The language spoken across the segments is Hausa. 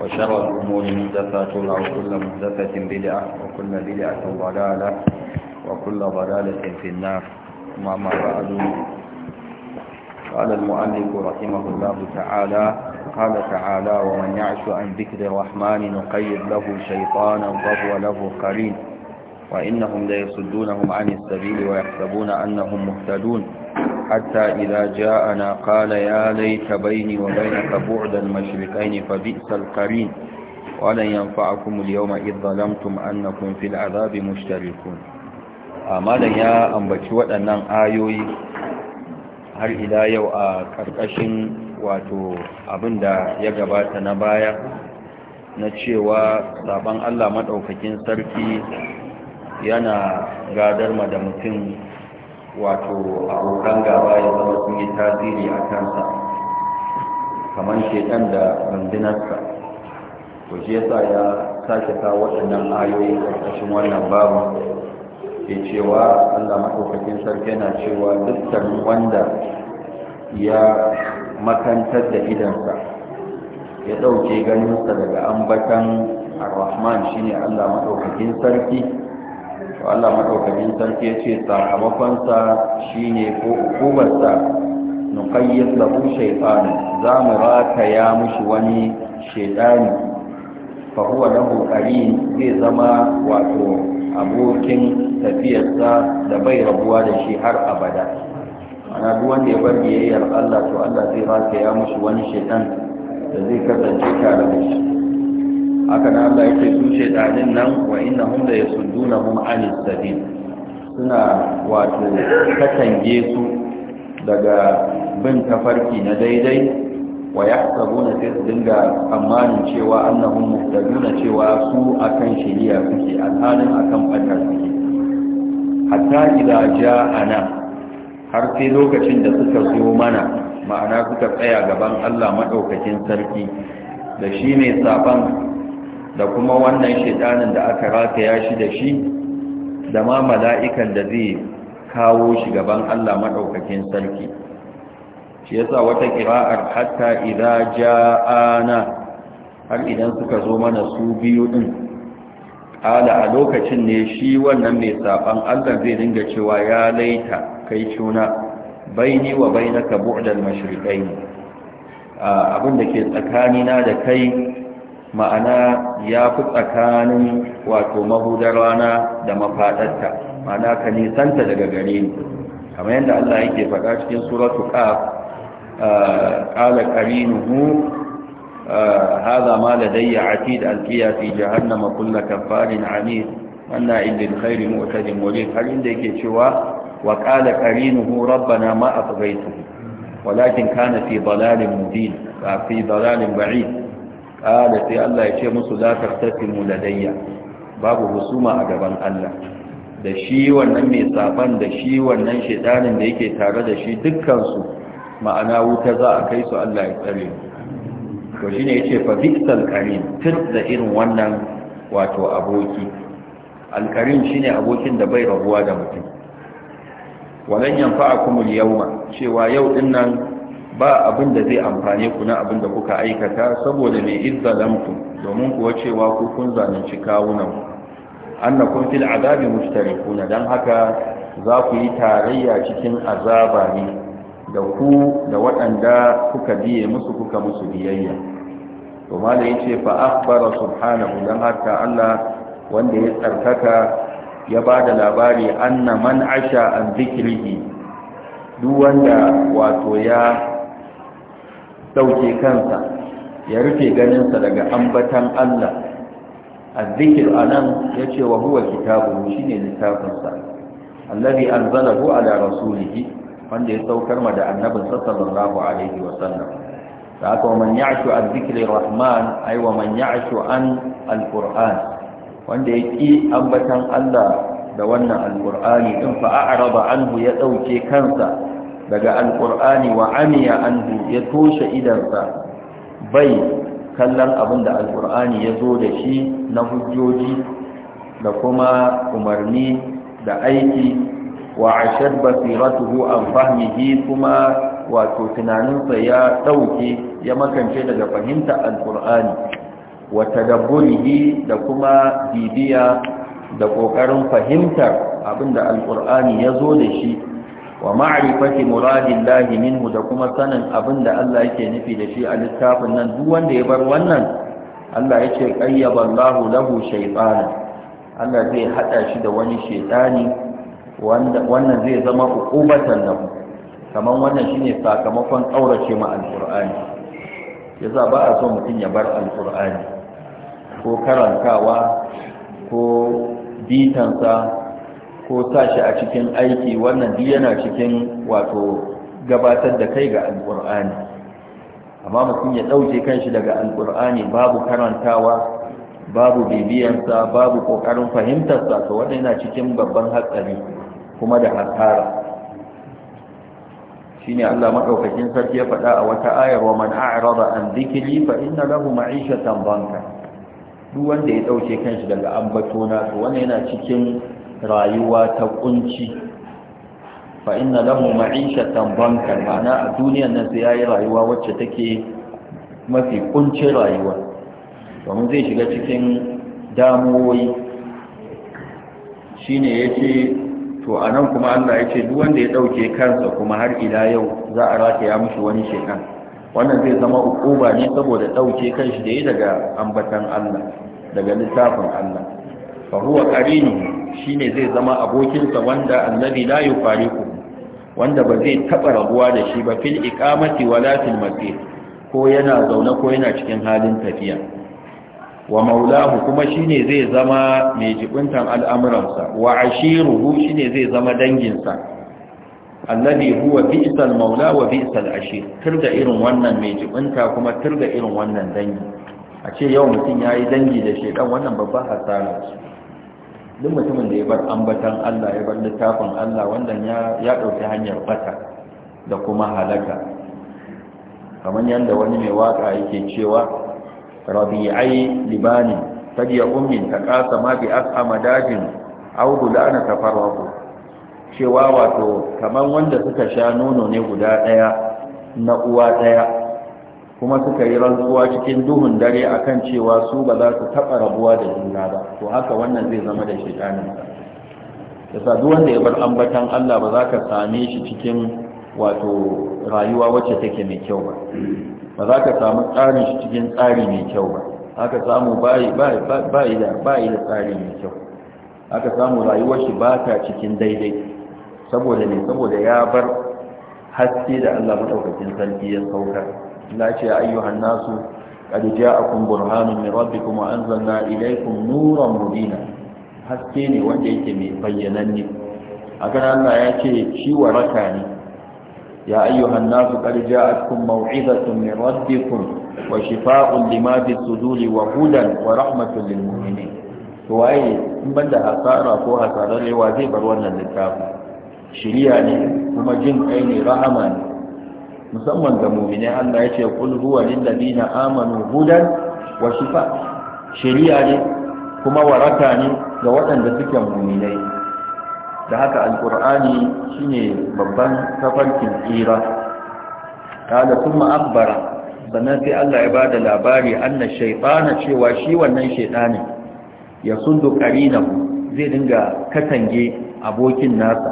وشر الأمور مهدفاتها وكل مهدفة بدعة وكل بدعة ضلالة وكل ضلالة في النار ما بعد قال المؤلف رحمه الله تعالى قال تعالى ومن يعش عن ذكر الرحمن نقيد له شيطانا وهو له قرين وإنهم ليصدونهم عن السبيل ويحسبون أنهم مهتدون حتى إذا جاءنا قال يا ليت بيني وبينك بعد المشركين فبئس القرين ولن ينفعكم اليوم إذ ظلمتم أنكم في العذاب مشتركون أمالا يا أنبتشوة أنن آيوي har ila yau a ƙarƙashin wato abin da ya gabata na baya na cewa saban Allah maɗaukakin sarki yana gadar ma da mutum wato abokan gaba ya zama sun yi tasiri a kansa kamar shekan da rundunarsa ko shi yasa ya sake ta waɗannan ayoyi ƙarƙashin wannan babu ke cewa allah maɗaukakin sarki yana cewa dukkan wanda ya makantar da idansa ya ɗauke ganinsa daga ambatan rahman shine allah maɗaukakin sarki to Allah madaukakin sarki ya ce sakamakonsa shine ko hukubarsa nuqayyid lahu shaytanan za mu ya mushi wani shaytani fa huwa lahu zai zama wato abokin tafiyarsa da bai rabuwa da shi har abada ana duk wanda ya bar biyayyar Allah to Allah zai ya mushi wani shaytan da zai kasance tare da shi haka na Allah yake su shaidanin nan wa inna hum la yasuddunahum anis sabil suna wato katange su daga bin tafarki na daidai wa yahsabuna sai su dinga tsammanin cewa annahum muhtaduna cewa su akan shari'a suke alhalin akan fata suke hatta idza ja'ana har sai lokacin da suka zo mana ma'ana suka tsaya gaban Allah madaukakin sarki da shi ne saban da kuma wannan shaitanin da aka rataya shi da shi da ma mala'ikan da zai kawo shi gaban Allah maɗaukakin sarki shi yasa wata ƙira'ar hatta idza ja'ana har idan suka zo mana su biyu ɗin. ala a lokacin ne shi wannan mai saɓan. Allah zai dinga cewa ya laita kai cuna baini wa bainaka bu'dal mashriqain abin da ke tsakanina da kai ma'ana ya fi tsakanin wato mahudar rana da mafaɗarta ma'ana ka nisanta daga gare ni kamar yadda Allah yake faɗa cikin suratu qaf ah, qala qarinuhu ah, haza ma ladayya da alkiya fi jahannama kullu kafarin anid anna indil khairi mu'tadin murid har inda yake cewa wa qala qarinuhu rabbana ma afghaytuhu walakin kana fi dalalin mubin fi dalalin ba'id kada sai Allah ya ce musu za ta tattinu ladayya babu husuma a gaban Allah da shi wannan mai safan da shi wannan shedanin da yake tare da shi dukkansu ma'ana wuta za a kai su Allah ya tsare to shi ne ya ce fa biksal karin tun da irin wannan wato aboki alkarin shi ne abokin da bai rabuwa da mutum walan kuma yawma cewa yau din nan ba abin da zai amfane ku na abin da kuka aikata saboda mai izzalamtu domin kuwa cewa ku kun zalunci kawunan kun fil azabi na, dan haka za ku yi tarayya cikin azaba ne da ku da waɗanda kuka biye musu kuka musu biyayya to mala yace fa akhbara subhanahu dan haka Allah wanda ya tsarkaka ya bada labari anna man asha an duk wanda wato ya ɗauke kansa ya rufe ganinsa daga ambatan Allah azzikir anan ya ce wa huwa kitabu shi ne littafinsa allazi anzalahu ala rasulihi wanda ya saukar ma da annabinsa sallallahu alaihi wa sallam da haka wa man ya'shu an zikri rahman ay wa man ya'shu an alquran wanda ya ki ambatan Allah da wannan alqur'ani din fa a'rada anhu ya dauke kansa daga alƙur'ani wa amiya anhu ya toshe idansa bai kallon abin da alƙur'ani ya zo da shi na hujjoji da kuma umarni da aiki wa ashad basiratuhu an fahmihi kuma wato tunaninsa ya ɗauke ya makance daga fahimta alƙur'ani wa tadabburihi da kuma bibiya da ƙoƙarin fahimtar abin da alƙur'ani ya zo da shi wa ma'rifati muradillahi minhu da kuma sanin abin da Allah yake nufi da shi a littafin nan duk wanda ya bar wannan Allah ya ce Allahu lahu shaytana Allah zai haɗa shi da wani shaytani wannan zai zama uqubatan lahu Kamar wannan shine sakamakon ƙaurace ma Ya yasa ba a so mutum ya bar alqur'ani ko karantawa ko bitansa ko sa shi a cikin aiki wannan duk yana cikin wato gabatar da kai ga alƙur'ani amma mutum ya ɗauke kanshi daga alƙur'ani babu karantawa babu bibiyansa babu ƙoƙarin fahimtarsa to wannan yana cikin babban hatsari kuma da hasara shine Allah madaukakin sarki ya faɗa a wata ayar wa man a'rada an dhikri fa inna lahu ma'ishatan banka duk wanda ya dauke kanshi daga ambatona to wannan yana cikin rayuwa ta kunci fa inna lahu ma'ishatan banka ma'ana a duniyar nan sai yayi rayuwa wacce take mafi kunci rayuwa domin zai shiga cikin damuwoyi shine yace to anan kuma Allah yace duk wanda ya dauke kansa kuma har ila yau za a ya mishi wani shekan wannan zai zama ukuba ne saboda dauke kanshi da yi daga ambatan Allah daga littafin Allah fa huwa shi ne zai zama abokinsa wanda annabi la yufariqu wanda ba zai taɓa rabuwa da shi ba fil ikamati wala fil ko yana zaune ko yana cikin halin tafiya wa maulahu kuma ne zai zama mai jibintan al'amuransa wa ashiruhu ne zai zama danginsa annabi huwa bi'sal maula wa bi'sal ashir turda irin wannan mai jibinta kuma turda irin wannan dangi a ce yau mutum yayi dangi da shedan wannan babban hasara duk mutumin da ya bar ambatan Allah ya bar littafin Allah wanda ya ɗauki hanyar bata da kuma halaka kamar yadda wani mai waka yake cewa rabi'ai libani ya ummin ta kasa ma bi as'ama dajin au gudana ta cewa wato kamar wanda suka sha nono ne guda ɗaya na uwa ɗaya kuma suka yi rantsuwa cikin duhun dare akan cewa su ba za su taɓa rabuwa da juna ba to haka wannan zai zama da shekanin yasa duk wanda ya bar ambatan Allah ba za ka same shi cikin wato rayuwa wacce take mai kyau ba ba za ka samu tsarin shi cikin tsari mai kyau ba haka samu bayi da tsari mai kyau haka samu rayuwar shi ba ta cikin daidai saboda ne saboda ya bar haske da Allah madaukakin sarki ya saukar Na ce ayyuhan nasu qad ja'akum burhanun min rabbikum wa anzalna ilaykum nuran mubina haske ne wanda yake mai bayyananne akan Allah ya ce shi waraka ne ya ayyuhan nasu qad ja'akum maw'izatun min rabbikum wa shifaa'un lima fi suduri wa hudan wa rahmatun lil mu'minin to waye in banda hasara ko hasararrewa zai bar wannan littafin shiriya ne kuma jin kai ne rahama ne musamman ga muminai Allah ya ce qul huwa lil ladina amanu hudan wa shifa shari'a ne kuma waraka ne ga waɗanda suke mu'minai da haka alqur'ani shine babban tafarkin tsira kada kuma akbara sannan sai Allah ya bada labari anna shaytana cewa shi wannan shaytanin ya sundu qarinahu zai dinga katange abokin nasa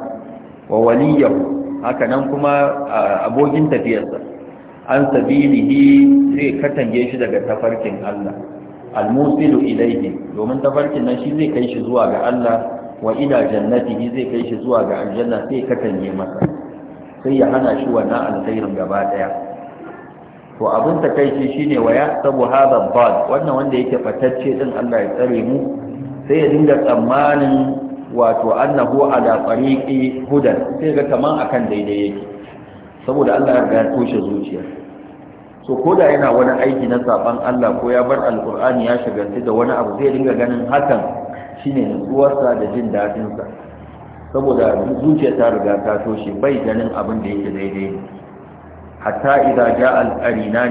wa waliyahu haka nan kuma abokin tafiyarsa an sabilihi zai katange shi daga tafarkin Allah almusilu ilaihi domin tafarkin nan shi zai kai shi zuwa ga Allah wa ila jannatihi zai kai shi zuwa ga aljanna sai katange masa sai ya hana shi wannan alkhairin gaba daya to abin ta kai shi shine wa ya sabu hadha wannan wanda yake fatacce din Allah ya tsare mu sai ya dinga tsammanin wato annahu ala tariqi hudan sai ga kaman akan daidai yake saboda Allah ya toshe zuciya so yana wani aiki na saban Allah ko ya bar alkur'ani ya shagaltu da wani abu zai dinga ganin hakan shine nutsuwarsa da jin dadin saboda zuciya ta riga ta toshe bai ganin abin da yake daidai hatta idza ja al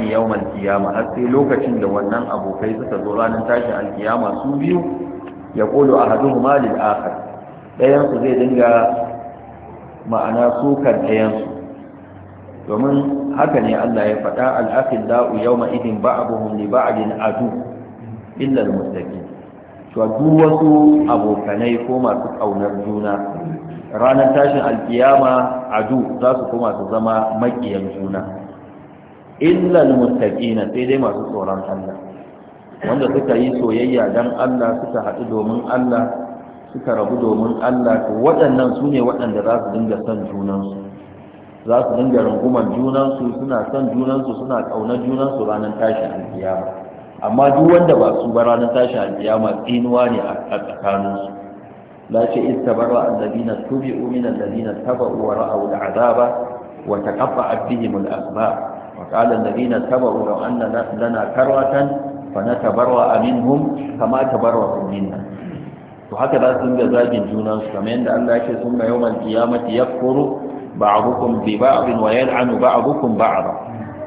ni yawm al-qiyamah har sai lokacin da wannan abokai suka zo ranar tashin al-qiyama su biyu yaqulu ahaduhuma lil akhar ɗayansu zai dinga ma'ana sukan ɗayansu domin haka ne Allah ya faɗa al'afin da'u yau ma'idin ba'abuhun ne ba'adin adu illar mustaqim to duk wasu abokanai ko masu ƙaunar juna ranar tashin alkiyama adu za su koma su zama makiyan juna illal mustaqina sai dai masu tsoron Allah wanda suka yi soyayya dan Allah suka haɗu domin Allah suka rabu domin Allah to waɗannan su ne waɗanda za su dinga son junansu za su dinga runguman junansu suna son junansu suna ƙaunar junansu ranar tashin alkiyama amma duk wanda ba su ba ranar tashin alkiyama tsinuwa ne a tsakaninsu la ce da istabarra allazina tubi'u min allazina taba'u wa ra'aw al'azaba wa taqatta'at bihim al'asbab وقال الذين na لو أن لنا كروة فنتبرأ منهم كما تبرأوا منا to haka za su dinga zagin junansu. kamar yadda Allah yake sun mai yawan kiyamati yakfuru ba'dukum bi ba'd wa ba a ba'd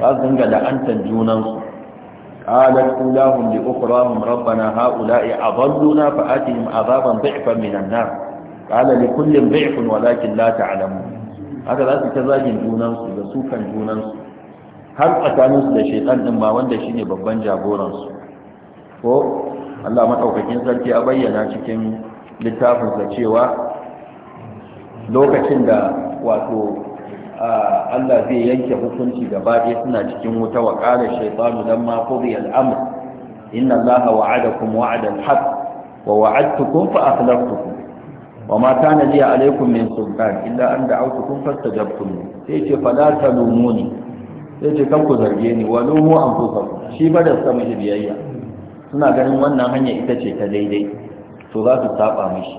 za su dinga la'antar junan su qalat ulahum li ukhrahum rabbana haula'i adalluna yin azaban dhi'fan minan nar qala li kullin dhi'fun walakin la ta'lamun haka za su ta zagin junansu da sukan junan har tsakaninsu da shaiɗan din ma wanda shine babban jagoransu. ko Allah maɗaukakin sarki a bayyana cikin littafinsa cewa lokacin da wato Allah zai yanke hukunci gaba ɗaya suna cikin wuta wa ƙara shaitanu don ma kuri al'amur inna Allah wa'adakum wa'adan haq wa wa'adtukum fa akhlaftukum wa mata na liya alaikum min sultan illa an fasta fastajabtum sai ce fala talumuni sai ce kan ku zarge ni wa lumu an anfusakum shi ba da samu biyayya suna ganin wannan hanya ita ce ta daidai to za su saba mishi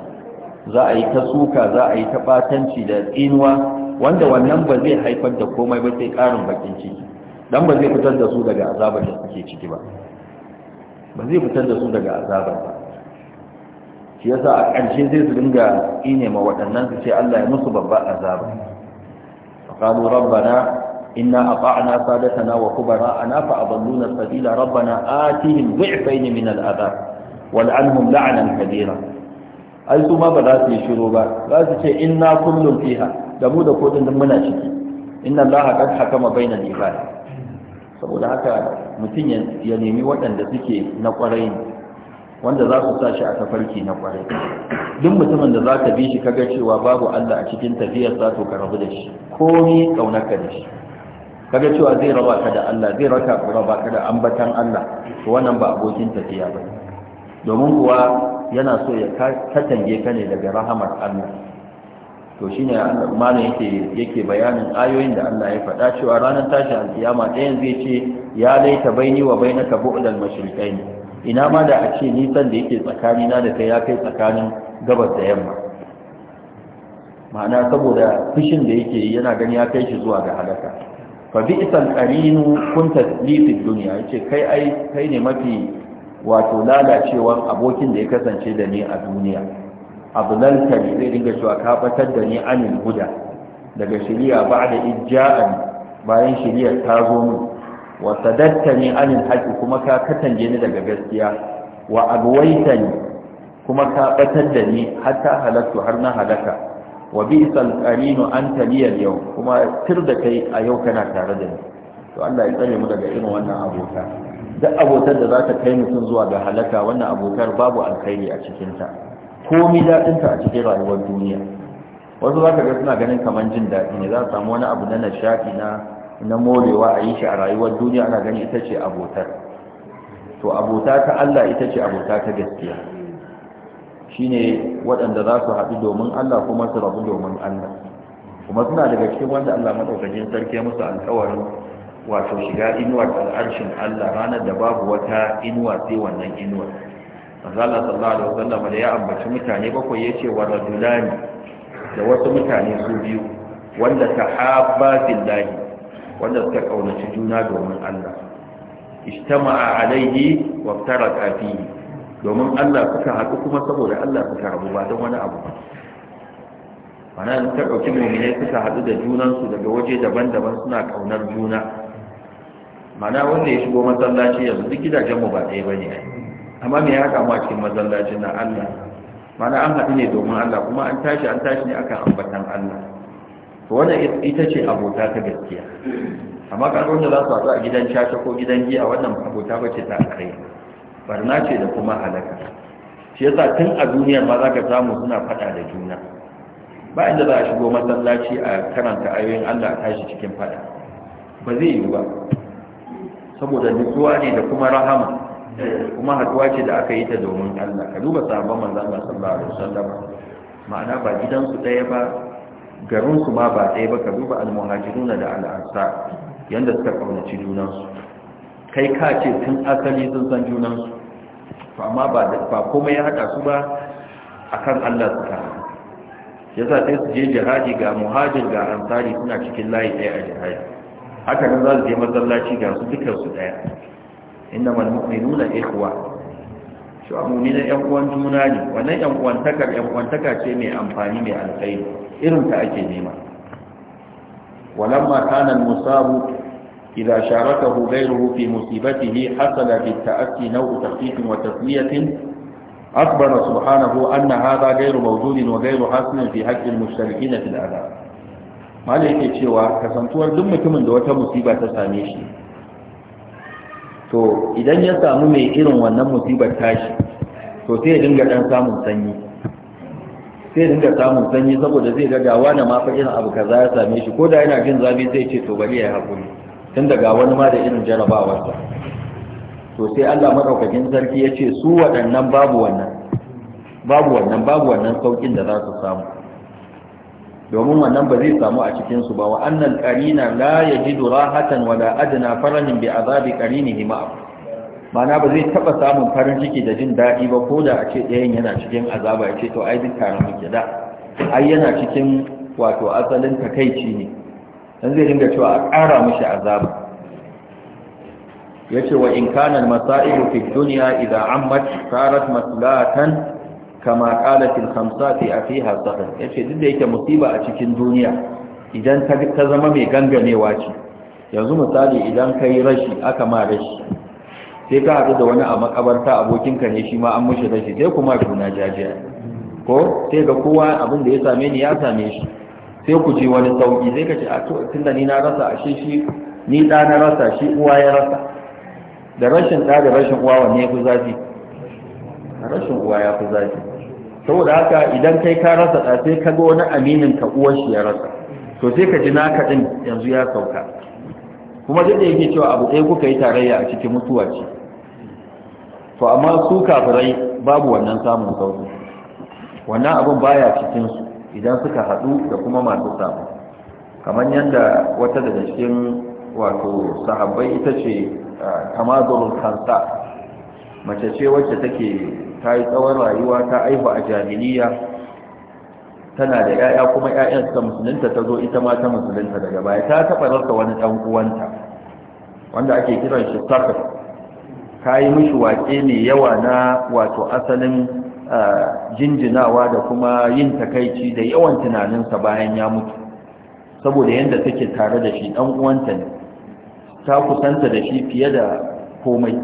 za a yi ta suka za a yi ta batanci da tsinuwa wanda wannan ba zai haifar da komai ba sai karin bakin ciki dan ba zai fitar da su daga azabar da suke ciki ba ba zai fitar da su daga azabar ba shi yasa a ƙarshe zai su dinga tsine ma waɗannan su ce Allah ya musu babba azaba qalu rabbana إنا أطعنا سادتنا وكبراءنا فأضلونا السبيل ربنا آتهم ضعفين من الأذى والعنهم لعنا كبيرا أي ثم بدأت يشروبا لا تشي إنا كل فيها دمود كود منا شكي إن الله قد حكم بين العباد saboda haka mutum ya nemi waɗanda suke na ƙwarai wanda za su sashi a tafarki na ƙwarai duk mutumin da za ka bi shi kaga cewa babu Allah a cikin tafiyar za to ka rabu da shi komi ƙaunarka da shi kaga cewa zai raba ka da Allah zai raka raba ka da ambatan Allah to wannan ba abokin tafiya ba domin kuwa yana so ya katange ka ne daga rahamar Allah to shine malam yake yake bayanin ayoyin da Allah ya faɗa cewa ranar tashin alkiyama ɗayan zai ce ya laita baini wa bainaka bu'dal mashriqain ina ma da a ce nisan da yake tsakani na da kai ya kai tsakanin gabas da yamma ma'ana saboda fushin da yake yana gani ya kai shi zuwa ga halaka fa bi'sal qarinu kunta lifid duniya yace kai kai ne mafi wato lalacewan abokin da ya kasance da ni a duniya abdulal kari zai dinga cewa ka batar da ni anil guda daga shari'a ba'da ijja'an bayan shari'a ta zo min wa sadattani anil haqqi kuma ka katange ni daga gaskiya wa agwaitani kuma ka batar da ni hatta halattu har na halaka wa bi qarinu anta liya yau kuma tir da kai a yau kana tare da ni to Allah ya tsare mu daga irin wannan abota duk abotar da zata kai mutum zuwa ga halaka wannan abotar babu alkhairi a cikinta komi daɗinta a cikin rayuwar duniya wasu za ka ga suna ganin kamar jin daɗi ne za su samu wani abu na nishaɗi na na morewa a yi shi a rayuwar duniya ana gani ita ce abotar to abota ta Allah ita ce abota ta gaskiya shine waɗanda za su haɗu domin Allah kuma su rabu domin Allah kuma suna daga cikin wanda Allah madaukakin sarki ya musu alƙawarin wato shiga inuwar al'arshin Allah ranar da babu wata inuwa sai wannan inuwa manzo sallallahu alaihi wasallam da ya ambaci mutane bakwai yace wa rajulani da wasu mutane su biyu wanda tahabba billahi wanda suka kaunaci juna domin Allah ijtama'a alaihi wa taraka fihi domin Allah suka haɗu kuma saboda Allah suka rabu ba don wani abu mana yin ta ɗauki mummune suka haɗu da junansu daga waje daban-daban suna ƙaunar juna mana wanda ya shigo masallaci yanzu duk gidajenmu ba ɗaya ba ne amma me ya kama cikin masallacin na Allah mana an haɗu ne domin Allah kuma an tashi an tashi ne akan ambatan Allah to wannan ita ce abota ta gaskiya amma kan wanda za su haɗu a gidan caca ko gidan giya wannan abota ba ce ta alkhairi barna ce da kuma halaka shi yasa tun a duniya ma zaka samu suna fada da juna ba inda za a shigo masallaci a karanta ayoyin Allah a tashi cikin fada ba zai yi ba saboda nutsuwa ne da kuma rahama kuma haduwa ce da aka yi ta domin Allah ka duba sabon manzon Allah sallallahu alaihi ma'ana ba gidansu ɗaya ba garinsu ma ba ɗaya ba ka duba almuhajiruna da al'ansa yadda suka ƙaunaci junansu kai ka ce tun asali sun san junansu to amma ba komai ya haɗa su ba akan Allah ta. ya sa sai su je jihadi ga muhajir ga ansari suna cikin layi ɗaya a jihadi haka nan za su je masallaci ga su dukansu ɗaya inda malmukai nuna ikhwa shi ni na ƴan uwan juna ne wannan ƴan uwantakar uwantaka ce mai amfani mai alkhairi irin ta ake nema walamma kanan musabu إذا شاركه غيره في مصيبته حصل بالتأسي نوع تخفيف وتسمية أخبر سبحانه أن هذا غير موجود وغير حاصل في حق المشتركين في العذاب ما لك cewa kasantuwar duk mutumin da wata musiba ta same shi to idan ya samu mai irin wannan musibar tashi to sai ya dinga samun sanyi saboda zai ga gawa na ma irin abu kaza ya same shi ko da yana jin zafi zai ce to bari ya yi haƙuri tun daga wani ma da irin jarabawarsa to sai Allah madaukakin sarki ya ce su waɗannan babu wannan babu wannan babu wannan saukin da za su samu domin wannan ba zai samu a cikin su ba wa annal qarina la yajidu rahatan wala adna farahin bi azabi qarinihi ma'a mana ba zai taba samun farin ciki da jin dadi ba ko da a ce ɗayan yana cikin azaba ya ce to ai bi tare muke da ai yana cikin wato asalin takaici ne dan zai dinga cewa a ƙara mishi azaba yace wa in kana al fi dunya idha ammat sarat maslahatan kama qalat al-khamsati afiha sadr yace duk da yake musiba a cikin duniya idan ta ta zama mai ganganewa ce yanzu misali idan kai rashi aka ma rashi sai ka hadu da wani a makabarta abokinka ne shi ma an mushi rashi sai kuma juna jajiya ko sai ga kowa abin da ya same ni ya same shi sai ku je wani sauki sai ka ce a to tunda ni na rasa a shi ni da na rasa shi uwa ya rasa da rashin da da rashin uwa wanne ya fi zafi rashin uwa ya fi zafi saboda haka idan kai ka rasa da sai ka ga wani aminin ka uwar shi ya rasa to sai ka ji naka din yanzu ya sauka kuma duk da yake cewa abu ɗaya kuka yi tarayya a cikin mutuwa ce to amma su kafirai babu wannan samun sauki wannan abin baya cikin su idan suka haɗu da kuma masu samu kamar yadda wata daga cikin wato sahabbai ita ce tamazurul kansa mace ce wacce take ta yi tsawon rayuwa ta aihu a jahiliya tana da 'ya'ya kuma 'ya'yan suka musulunta ta zo ita ma ta musulunta daga baya ta taɓa rasa wani ɗan uwanta wanda ake kiran shi sakar ta yi mishi mai yawa na wato asalin jinjinawa da kuma yin takaici da yawan tunaninsa bayan ya mutu saboda yadda take tare da shi ɗan uwanta ne ta kusanta da shi fiye da komai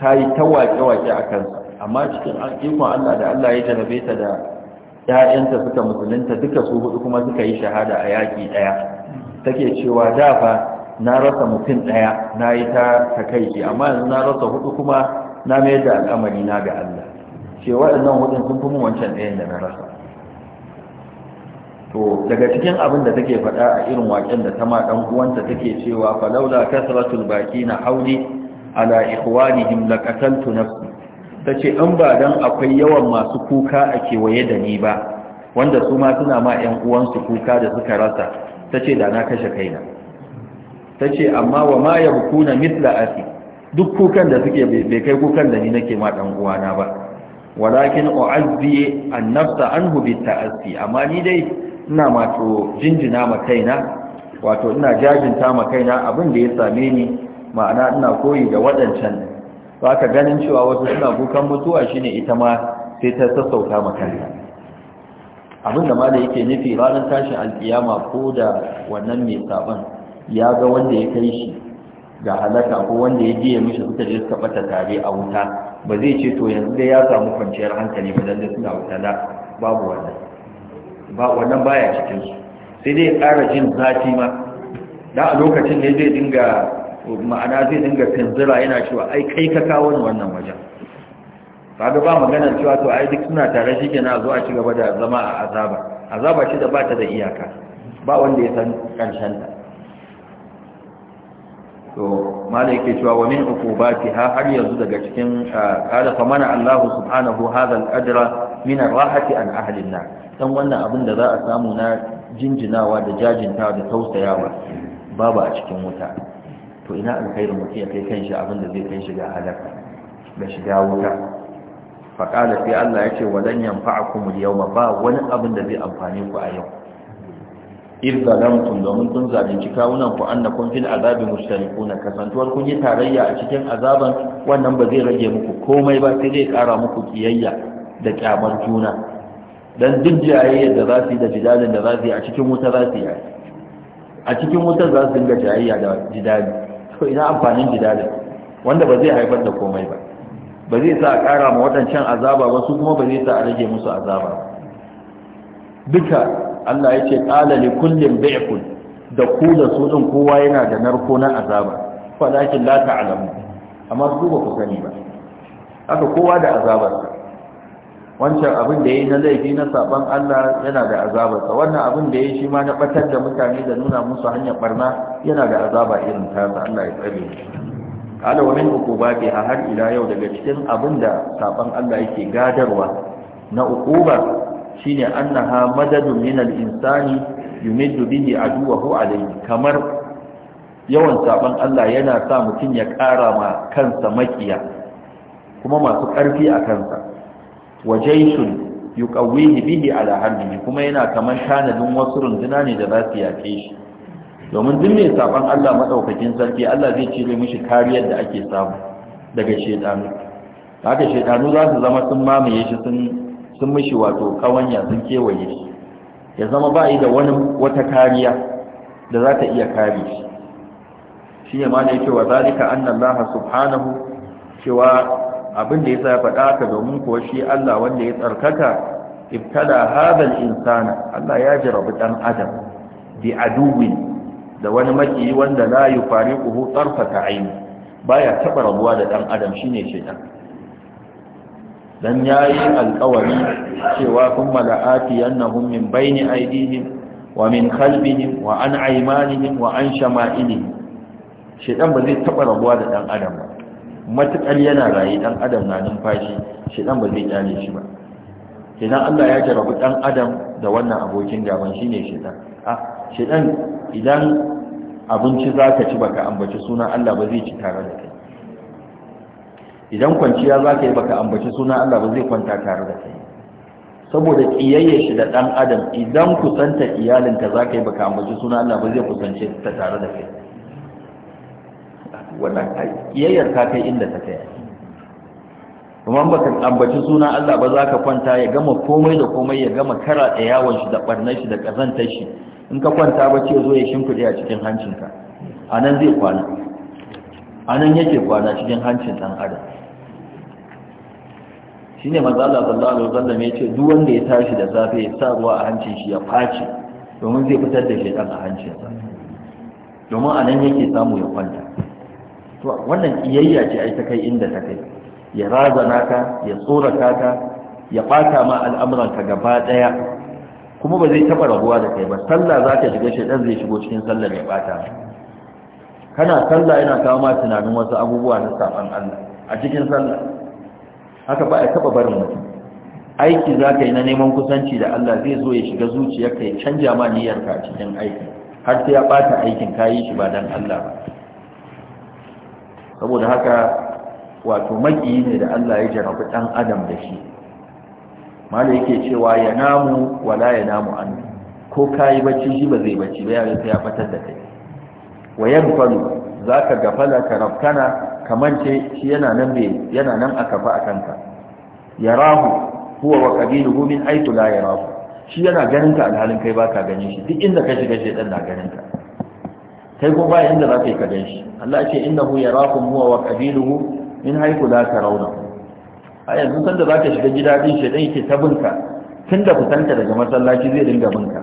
ta yi ta waƙe-waƙe a kansa amma cikin ikon Allah da Allah ya jarabe ta da ‘ya'yanta suka musulunta duka su hudu kuma suka yi shahada a yaƙi ɗaya take cewa da fa na rasa mutum ɗaya na yi ta takaici amma yanzu na rasa hudu kuma na mayar da al'amari na ga Allah ce waɗannan hudun sun fi mun wancan ɗayan da na rasa to daga cikin abin da take faɗa a irin waƙen da ta ma ɗan uwanta take cewa falaula kasratul baki na hauli ala ikhwanihim laqataltu nafsi tace an ba dan akwai yawan masu kuka a kewaye da ni ba wanda su ma suna ma ƴan uwansu kuka da suka rasa tace da na kashe kaina tace amma wa ma yabkuna mithla asi duk kukan da suke bai kai kukan da ni nake ma ɗan uwana ba walakin u'azzi an-nafsa anhu bita'assi amma ni dai ina mato jinjina ma kaina wato ina jajinta ma kaina abin da ya same ni ma'ana ina koyi da waɗancan ba ka ganin cewa wasu suna kukan mutuwa shine ita ma sai ta sassauta ma kanta abin da ma yake nufi ranar tashin alkiyama ko da wannan mai saban ya ga wanda ya kai shi ga halaka ko wanda ya biye mishi suka je suka bata tare a wuta ba zai ce to yanzu dai ya samu kwanciyar hankali ba lalle suna wutala babu wannan ba wannan baya cikin su sai dai ƙara jin zafi ma da a lokacin ne zai dinga ma'ana zai dinga tanzira yana cewa ai kai ka kawo ni wannan wajen kaga ba maganar cewa to ai duk suna tare shi kenan a zo a ci gaba da zama a azaba azaba ce da ba ta da iyaka ba wanda ya san ƙarshen ta to malai yake cewa wa min ha har yanzu daga cikin kada ah, fa mana Allah subhanahu hadha al-ajra min ar-rahati an ahli an-nar dan wannan abin da za a samu na jinjinawa da jajintawa da tausayawa babu a cikin wuta to ina alkhairin mutum ya kai kanshi abin da zai kai shi ga halaka da shiga wuta fa sai Allah yace walan yanfa'akum al-yawma ba wani abin da zai amfane ku a yau in zalamtum domin kun zalunci kawunan ku annakum fil azabi mushtarikuna kasantuwar kun yi tarayya a cikin azaban wannan ba zai rage muku komai ba sai zai kara muku kiyayya da kyamar juna dan duk jayayya da za su yi da jidalin da za su yi a cikin wuta za su yi a cikin wuta za su dinga jayayya da jidali to ina amfanin jidalin wanda ba zai haifar da komai ba ba zai sa a kara ma waɗancan azaba ba su kuma ba zai sa a rage musu azaba duka Allah ya ce qala kullum kullin bi'kun da ku da su din kowa yana da narko na azaba walakin lata alamu amma su ba ku sani ba haka kowa da azabarsa wancan abin da yayi na laifi na saban Allah yana da azabarsa wannan abin da yi shi ma na batar da mutane da nuna musu hanyar barna yana da azaba irin ta Allah ya tsare kala wa min a har ila yau daga cikin abin da saban Allah yake gadarwa na ba. shine annaha madadun min al-insani yumiddu bihi aduwahu alayhi kamar yawan saban Allah yana sa mutum ya ƙara ma kansa makiya kuma masu ƙarfi a kansa wajaysun yuqawwihi bihi ala harbihi kuma yana kamar tanadin wasu runduna ne da za su shi domin duk mai saban Allah madaukakin sarki Allah zai cire mishi kariyar da ake samu daga shedanu haka shedanu za su zama sun mamaye shi sun sun mishi wato kawanya sun kewaye shi ya zama ba da wani wata kariya da za ta iya kare shi shi ne cewa zalika annan laha subhanahu cewa abin da ya sa faɗa ka domin kuwa shi Allah wanda ya tsarkaka ibtala hadal insana Allah ya jarabi ɗan adam bi aduwi da wani maki wanda la yufariquhu tarfata aini baya taɓa rabuwa da ɗan adam shine shaitan dan yayi alƙawari cewa kun mala'ati annahum min baini aydihim wa min khalbihim wa an aymanihim wa an shama'ilihim shedan ba zai taba rabuwa da dan adam ba matukar yana rayi dan adam na numfashi shedan ba zai kyale shi ba idan Allah ya jarabu dan adam da wannan abokin gaban shine shedan a shedan idan abinci zaka ci baka ambaci sunan Allah ba zai ci tare da kai idan kwanciya za ka yi baka ambaci suna Allah ba zai kwanta tare da kai saboda kiyayye shi da dan adam idan kusanta iyalinka za ka yi baka ambaci suna Allah ba zai kusance ta tare da kai wannan Ƙiyayyar ka kai inda ta kai kuma baka ambaci suna Allah ba za ka kwanta ya gama komai da komai ya gama kara da yawon shi da barnar shi da kazantar shi in ka kwanta ba ce zo ya shimfide a cikin hancinka a nan zai kwana a nan yake kwana cikin hancin ɗan adam shine manzo Allah sallallahu alaihi wasallam ce, duk wanda ya tashi da safe ya sa ruwa a hancin shi ya face domin zai fitar da shaitan a hancin sa domin anan yake samu ya kwanta to wannan kiyayya ce ai ta kai inda ta kai ya razana ka ya tsora ka ya bata ma al'amuran ka gaba daya kuma ba zai taba rabuwa da kai ba sallah za ta shiga shaitan zai shigo cikin sallah ya bata kana sallah yana kawo ma tunanin wasu abubuwa na saban Allah a cikin sallah haka ba a taba barin mutum aiki za ka yi na neman kusanci da Allah zai zo ya shiga ka ya canja ma niyyarka a cikin aiki har sai ya bata aikin ka yi shi ba dan Allah ba saboda haka wato makiyi ne da Allah ya jarabi dan adam da shi mala yake cewa ya namu wala ya namu an ko kayi bacci shi ba zai bacci ba ya sai ya fatar da kai wayan falu zaka gafala ka rafkana kamar ce shi yana nan me yana nan a kafa a kanka yarahu huwa wa hu min aitu la yarahu shi yana ganin ka alhalin kai baka ganin shi duk inda ka shiga shi dan na ganin ka kai ko ba inda za ka yi ka gan shi Allah ya ce innahu yarakum huwa wa qabiluhu min haythu la tarawna a yanzu san da za ka shiga gida din dan yake ta binka tun da fitanta daga masallaci zai dinga binka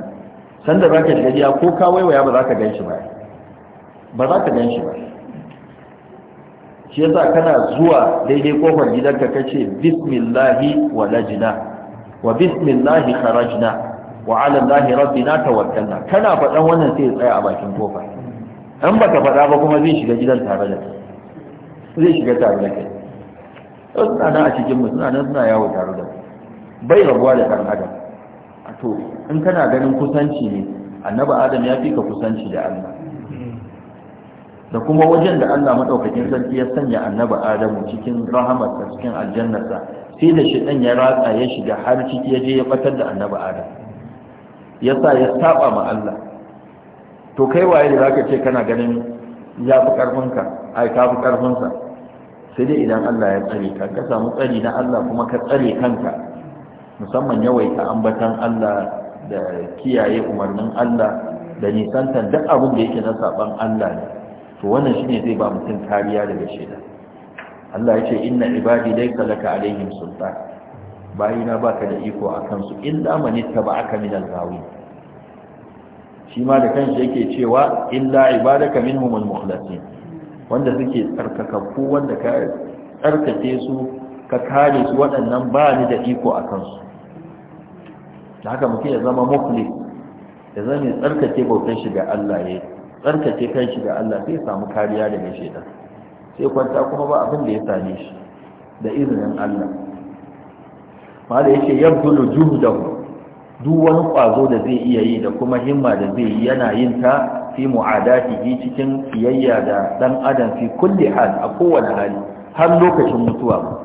san da za ka shiga gida ko ka waiwaya ba za ka gan shi ba ba za ka gan shi ba shi yasa kana zuwa daidai kofar gidanka kace bismillahi walajna wa bismillahi kharajna wa ala allahi rabbina tawakkalna kana faɗan wannan sai ya tsaya a bakin kofa an baka faɗa ba kuma zai shiga gidan tare da kai zai shiga tare da kai suna nan a cikin mu suna nan suna yawo tare da bai rabuwa da ɗan adam to in kana ganin kusanci ne annabi adam ya fi ka kusanci da Allah da kuma wajen da Allah madaukakin sarki ya sanya annabi Adamu cikin rahamarsa cikin aljannarsa sai da shi shedan ya ratsa ya shiga har ciki ya je ya batar da annabi Adam sa ya saba ma Allah to kai waye da zaka ce kana ganin ya fi karfinka ai ka fi karfinsa sai dai idan Allah ya tsare ka ka samu tsari na Allah kuma ka tsare kanka musamman yawai yawaita ambatan Allah da kiyaye umarnin Allah da nisantar duk abin da yake na saban Allah ne to wannan shine zai ba mutum kariya daga shaidan Allah ya ce inna ibadi laysa laka alaihim sultan bayina baka da iko akan su illa man ittaba'aka min al-ghawin shi ma da kanshi yake cewa illa ibadaka minhum al-mukhlasin wanda suke tsarkakakku wanda ka tsarkake su ka kare su waɗannan ba ni da iko a kansu da haka mutum ya zama muklis ya zama tsarkake bautar shi ga Allah ya yi tsarkake kan shi ga Allah sai samu kariya daga shaitan sai kwanta kuma ba abin da ya same shi da izinin Allah ya yake yabdulu juhdahu duk wani kwazo da zai iya yi da kuma himma da zai yi yana yin ta fi mu'adatihi cikin kiyayya da dan adam fi kulli hal a kowane hali har lokacin mutuwa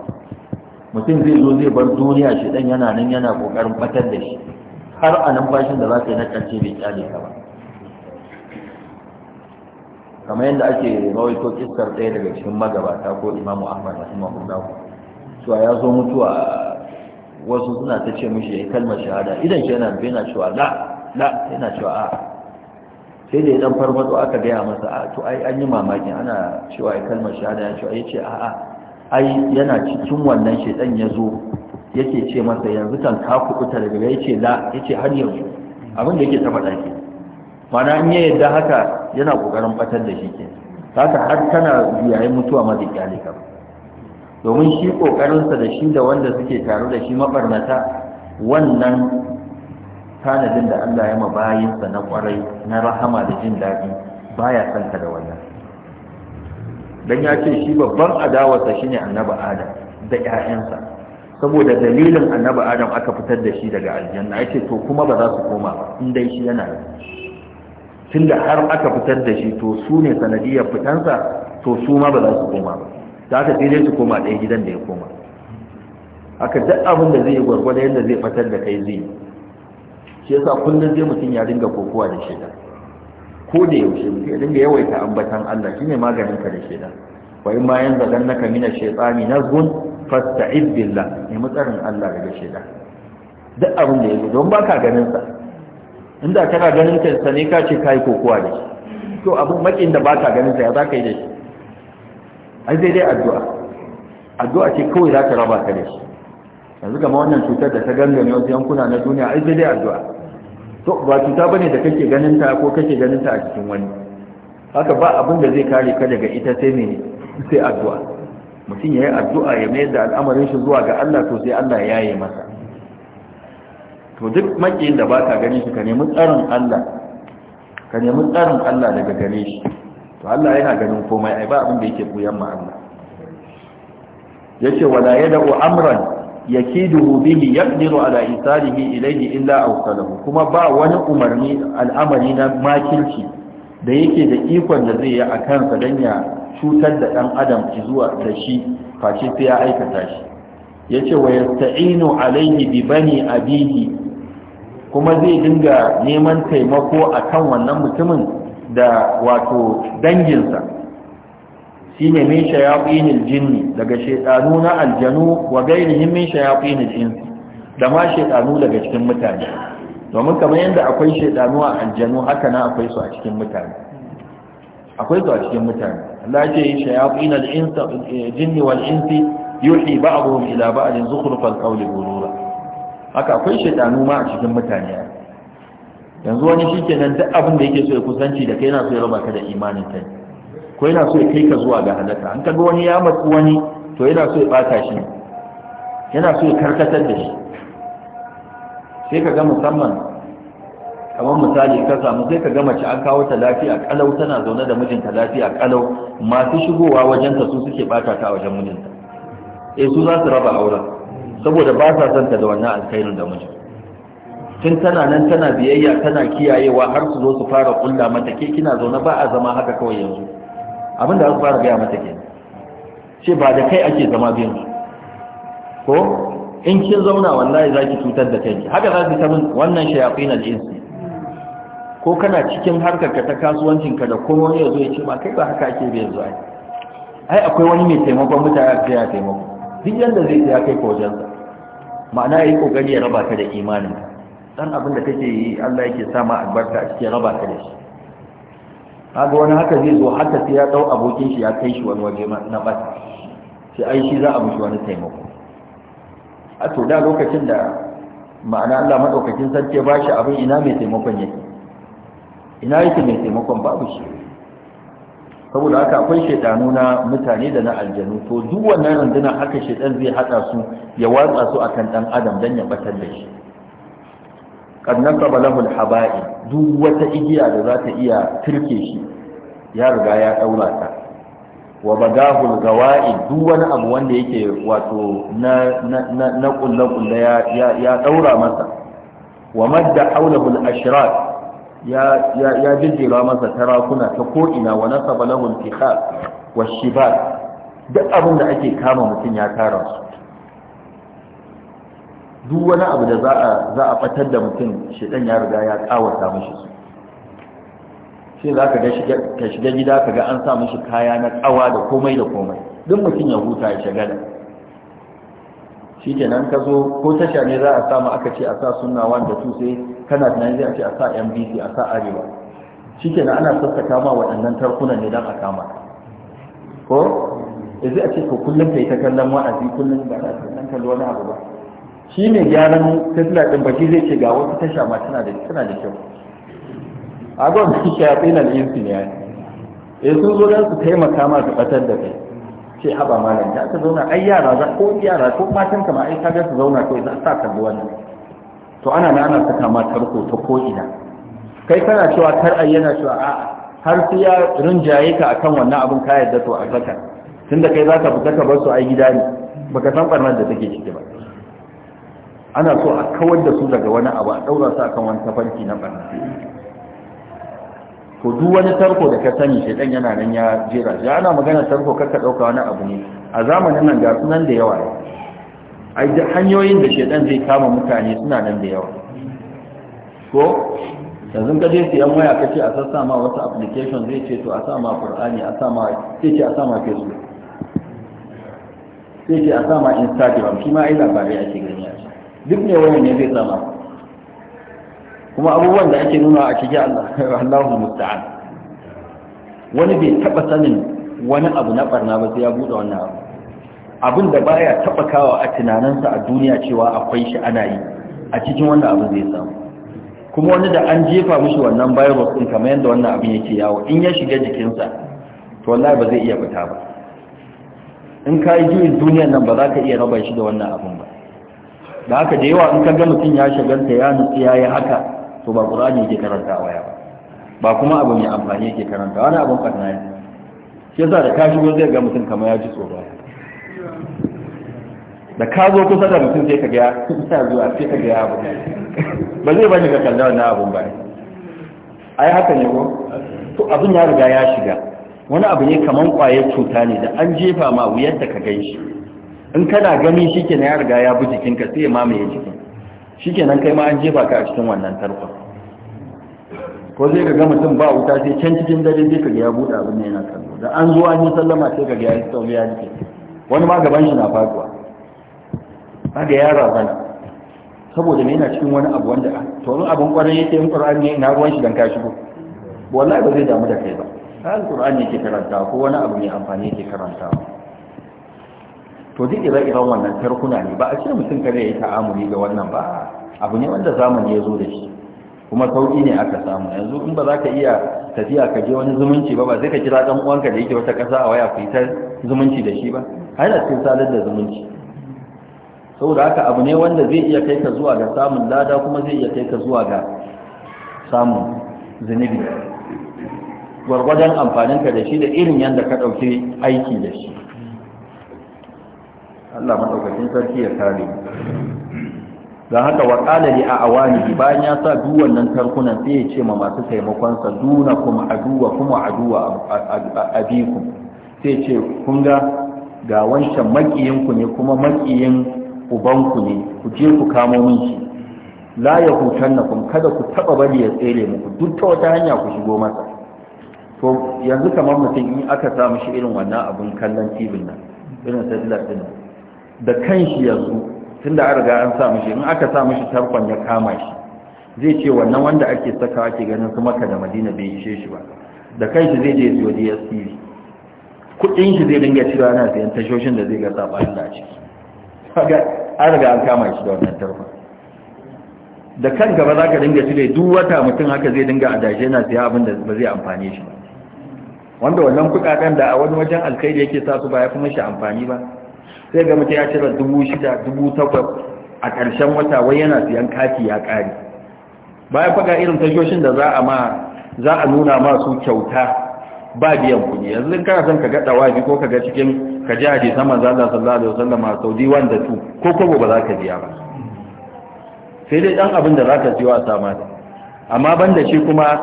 mutum zai zo zai bar duniya shi dan yana nan yana kokarin fatar da shi har a bashin da za ka yi na karshe bai kyale ka ba kamar yadda ake rawaito kiskar ɗaya daga cikin magabata ko imamu ahmad su a ya zo mutuwa wasu suna ta ce mishi ya eh, kalmar shahada idan shi yana nufi yana cewa la la yana cewa a sai da ya dan farfado aka gaya masa a to ai an yi mamaki ana cewa ya eh, kalmar shahada ya ce ai ce a a ai yana cikin wannan shedan ya zo yake ce masa yanzu kan ka kuɓuta daga ya ce la ya ce har yanzu abin da yake ta faɗa ke mana in ya yadda haka yana kokarin batar da shi ke haka har kana yayin mutuwa ma zai domin shi kokarinsa da shi da wanda suke tare da shi mabarnata wannan tanadin da Allah ya ma mabayinsa na kwarai na rahama da jin daɗi baya son ka da wannan dan ya ce shi babban adawarsa shine annabi Adam da ƴaƴansa saboda dalilin annabi Adam aka fitar da shi daga aljanna yace to kuma ba za su koma ba in dai shi yana da tunda har aka fitar da shi to su ne sanadiyar fitansa to su ma ba za su koma ba za ta sai su koma ɗaya gidan da ya koma haka duk abin da zai gwargwada yadda zai fitar da kai zai shi yasa kullum zai mutum ya dinga kokowa da shida ko da yaushe mutum ya dinga yawaita ambatan Allah shine maganin ka da shida wa in ma yanzu dan naka mina shaytani nazgun fasta'id billah ne mutsarin Allah daga shida duk abin da yake don baka ganin sa inda kana ganin ka sane ka ce kai kokowa da shi to abun makin da baka ganin sa ya zaka yi da shi ai dai dai addu'a addu'a ce kawai za ta raba ka da shi yanzu kama wannan cutar da ta gangame wasu yankuna na duniya ai dai dai addu'a to ba cuta bane da kake ganin ta ko kake ganin ta a cikin wani haka ba abin da zai kare ka daga ita sai ne sai addu'a mutum ya yi addu'a ya mayar da al'amarin shi zuwa ga Allah to sai Allah ya yi masa to duk makiyin da baka gani shi ka nemi tsarin Allah ka nemi tsarin Allah daga gare shi to Allah yana ganin komai ai ba abin da yake buyan ma Allah yace wala yad'u amran yakiduhu bihi yaqdiru ala isalihi ilayhi illa awsalahu kuma ba wani umarni al'amari na makilci da yake da ikon da zai yi a kansa don ya cutar da ɗan adam zuwa da shi face sai ya aikata shi ya ce wa yasta'inu alaihi bi bani abihi kuma zai dinga neman taimako a kan wannan mutumin da wato danginsa shi ne min shayafinil jinni daga shaiɗanu na aljanu wa gairihim min shayafinil insi da ma shaiɗanu daga cikin mutane domin kamar yadda akwai shaiɗanu a aljanu haka na akwai su a cikin mutane akwai su a cikin mutane Allah ce shayafinil eh, jinni wal insi yuhi ba'dhum ila ba'din zukhrufal qawli ghurura haka akwai shaitanu ma a cikin mutane yanzu wani shi ke nan duk abin da yake so ya kusanci da kai na so ya raba ka da imanin kai ko yana so ya kai ka zuwa ga halatta an kaga wani ya matsu wani to yana so ya bata shi yana so ya karkatar da shi sai ka ga musamman kamar misali ka samu sai ka ga mace an kawo ta lafiya kalau tana zaune da mijinta lafiya kalau masu shigowa wajenta su suke bata ta a wajen mijinta eh su za su raba auren saboda ba sa son ta da wannan alkhairin da mijin tun tana nan tana biyayya tana kiyayewa har su zo su fara kulla mata ke kina zaune ba a zama haka kawai yanzu abin da aka fara gaya mata ke ce ba da kai ake zama biyan ko in kin zauna wallahi za ki cutar da kanki haka za ki tabin wannan shayafin na jinsi ko kana cikin harkarka ta kasuwancinka da kuma wani ya zo ya ce ma kai ba haka ake biyan zuwa ai akwai wani mai taimakon mutane a ya taimako duk yanda zai ya kai ko wajensa ma'ana yi kokari ya raba ka da imanin dan abin da kake yi Allah yake sa ma albarka a cikin raba ka da shi kaga wani haka zai zo haka sai ya dau abokin shi ya kai shi wani waje na bas sai ai shi za a mishi wani taimako a to da lokacin da ma'ana Allah madaukakin sarki ya bashi abin ina mai taimakon yake ina yake mai taimakon babu shi saboda haka akwai shaidanu na mutane da na aljanu to duk wannan runduna haka shaidan zai hada su ya watsa su akan dan adam dan ya batar da shi qad nasaba lahu habai duk wata igiya da za ta iya turke shi ya riga ya daura ta wa badahu al-gawa'i duk wani abu wanda yake wato na na na ya ya daura masa wa madda hawlahu ya ya masa tarakuna ta ko'ina wa nasaba lahu al wa shibar duk abin da ake kama mutum ya tara su duk wani abu da za a fatar da mutum shedan ya riga ya kawata mashi su shi za ka shiga gida ka ga an sa mashi kaya na tsawa da komai da komai duk mutum ya huta ya shagala shi kenan ka zo ko tasha ne za a samu aka ce a sa suna wanda su sai kana tunanin zai ce a sa mbc a sa arewa shi na ana sassaka ma waɗannan tarkunan ne don a kama ko da eh, zai a ce ko kullum ka yi ta kallon wa'azi kullum ba za ta nan kallon wani abu ba shi ne gyaran tesla ɗin baki zai ce ga wasu tasha ma tana da tana da kyau a ga tsina da yinsu ne ya yi eh, sun zo don su taimaka ma su ɓatar da kai ce haɓa malam ta ka zauna ai yara za ko yara ko matan kama ai ka ga su zauna kawai za a sa kalli wannan to ana na ana saka ma tarko ta ko'ina kai kana cewa kar a yana cewa a har sai ya rinjaye ka akan wannan abin ka yadda to a saka tunda kai za ka fita ka bar su ai gida ne baka san barnar da take ciki ba ana so a kawar da su daga wani abu a daura su akan wani tafarki na barna ko duk wani tarko da ka sani shedan yana nan ya jera ya ana magana tarko kar ka dauka wani abu ne a zamanin nan ga sunan da yawa ai duk hanyoyin da shedan zai kama mutane suna nan da yawa ko yanzu ka je siyan waya kace a sassa ma wata application zai ce to a sa ma qur'ani a sa ma sai ce a sa ma facebook sai ce a sa ma instagram shi ma ai labarai ake gani a duk ne wani ne zai sama kuma abubuwan da ake nuna a cikin Allah Allahu musta'an wani bai taba sanin wani abu na barna ba sai ya bude wannan abu abin da baya taɓakawa a tunaninsa a duniya cewa akwai shi ana yi a cikin wannan abin zai samu kuma wani da an jefa mishi wannan virus din kamar yadda wannan abin yake yawo in ya shiga jikinsa to wallahi ba zai iya fita ba in ka yi juyin duniyar nan ba za ka iya raba shi da wannan abin ba da haka da yawa in ka ga mutum ya shagarta ya nutsu ya yi haka to ba ƙurani yake karanta waya ba ba kuma abu mai amfani yake karanta wani abin ɓarna ne shi yasa da ka shigo zai ga mutum kamar ya ji tsoro da ka zo kusa da mutum sai ka ga ya zuwa sai ka gaya abu ba zai bani ga kalla wannan abun ba ai haka ne ko to abin ya riga ya shiga wani abu ne kaman kwaye cuta ne da an jefa ma wuyar da ka gan shi in kana gani shike na ya riga ya bi ka sai ya mamaye jikin shike nan kai ma an jefa ka a cikin wannan tarko. ko zai ga mutum ba wuta sai can cikin dare sai ka ga ya buɗe abin ne yana kallo da an zo an yi sallama sai ka ga ya yi ya jike wani ma gaban shi na faduwa da ya ne. saboda me yana cikin wani abu wanda to in abin kwanan yake yin ƙura'an ne na ruwan shi don ka shigo wani ba zai damu da kai ba ƙura'an ne ke karanta ko wani abu mai amfani yake karanta to duk ira iran wannan tarkuna ne ba a cire mutum kare yi ta'amuli ga wannan ba abu ne wanda zamani ya zo da shi kuma sauki ne aka samu yanzu in ba za ka iya tafiya ka je wani zumunci ba ba zai ka kira dan uwanka da yake wata ƙasa a waya ku ta zumunci da shi ba har da cikin salar da zumunci saboda haka abu ne wanda zai iya kai ka zuwa ga samun lada kuma zai iya kai ka zuwa ga samun zunubi gwargwadon amfaninka da shi da irin yadda ka ɗauki aiki da shi Allah maɗaukacin sarki ya kare Ga haka wa ƙalari a awani bayan ya sa duk wannan tarkunan sai ya ce ma masu taimakonsa duna kuma aduwa kuma aduwa biyu sai ce kun ga ga wancan makiyinku ne kuma makiyin ubanku ne ku je ku kamo min shi la ya hutan na kada ku taba bari ya tsere muku duk ta wata hanya ku shigo masa to yanzu kamar mutum in aka samu shi irin wannan abun kallon tibin nan irin sadilar din da kanshi yanzu tunda an riga an sa mishi in aka sa mishi tarkon ya kama shi zai ce wannan wanda ake saka ake ganin su maka da madina bai ishe shi ba da kanshi zai je zuwa dstv kudin shi zai dinga cewa na sayan tashoshin da zai ga sabanin da a ciki an riga an kama shi da wannan tarfa da kan gaba za ka dinga cire duk wata mutum haka zai dinga adashe yana siya abin da ba zai amfane shi ba wanda wannan kuɗaɗen da a wani wajen alkhairi yake sa su ba ya kuma shi amfani ba sai ga mutum ya cire dubu shida dubu takwas a ƙarshen wata wai yana siyan kati ya ƙare baya faga irin tashoshin da za a ma za a nuna masu kyauta ba biyan kuɗi yanzu in kana son ka ga ɗawabi ko ka ga cikin ka ji hadisan manzo Allah sallallahu alaihi wasallam saudi wanda tu ko kobo ba za ka biya ba sai dai dan abin da za ka siyo a sama amma banda shi kuma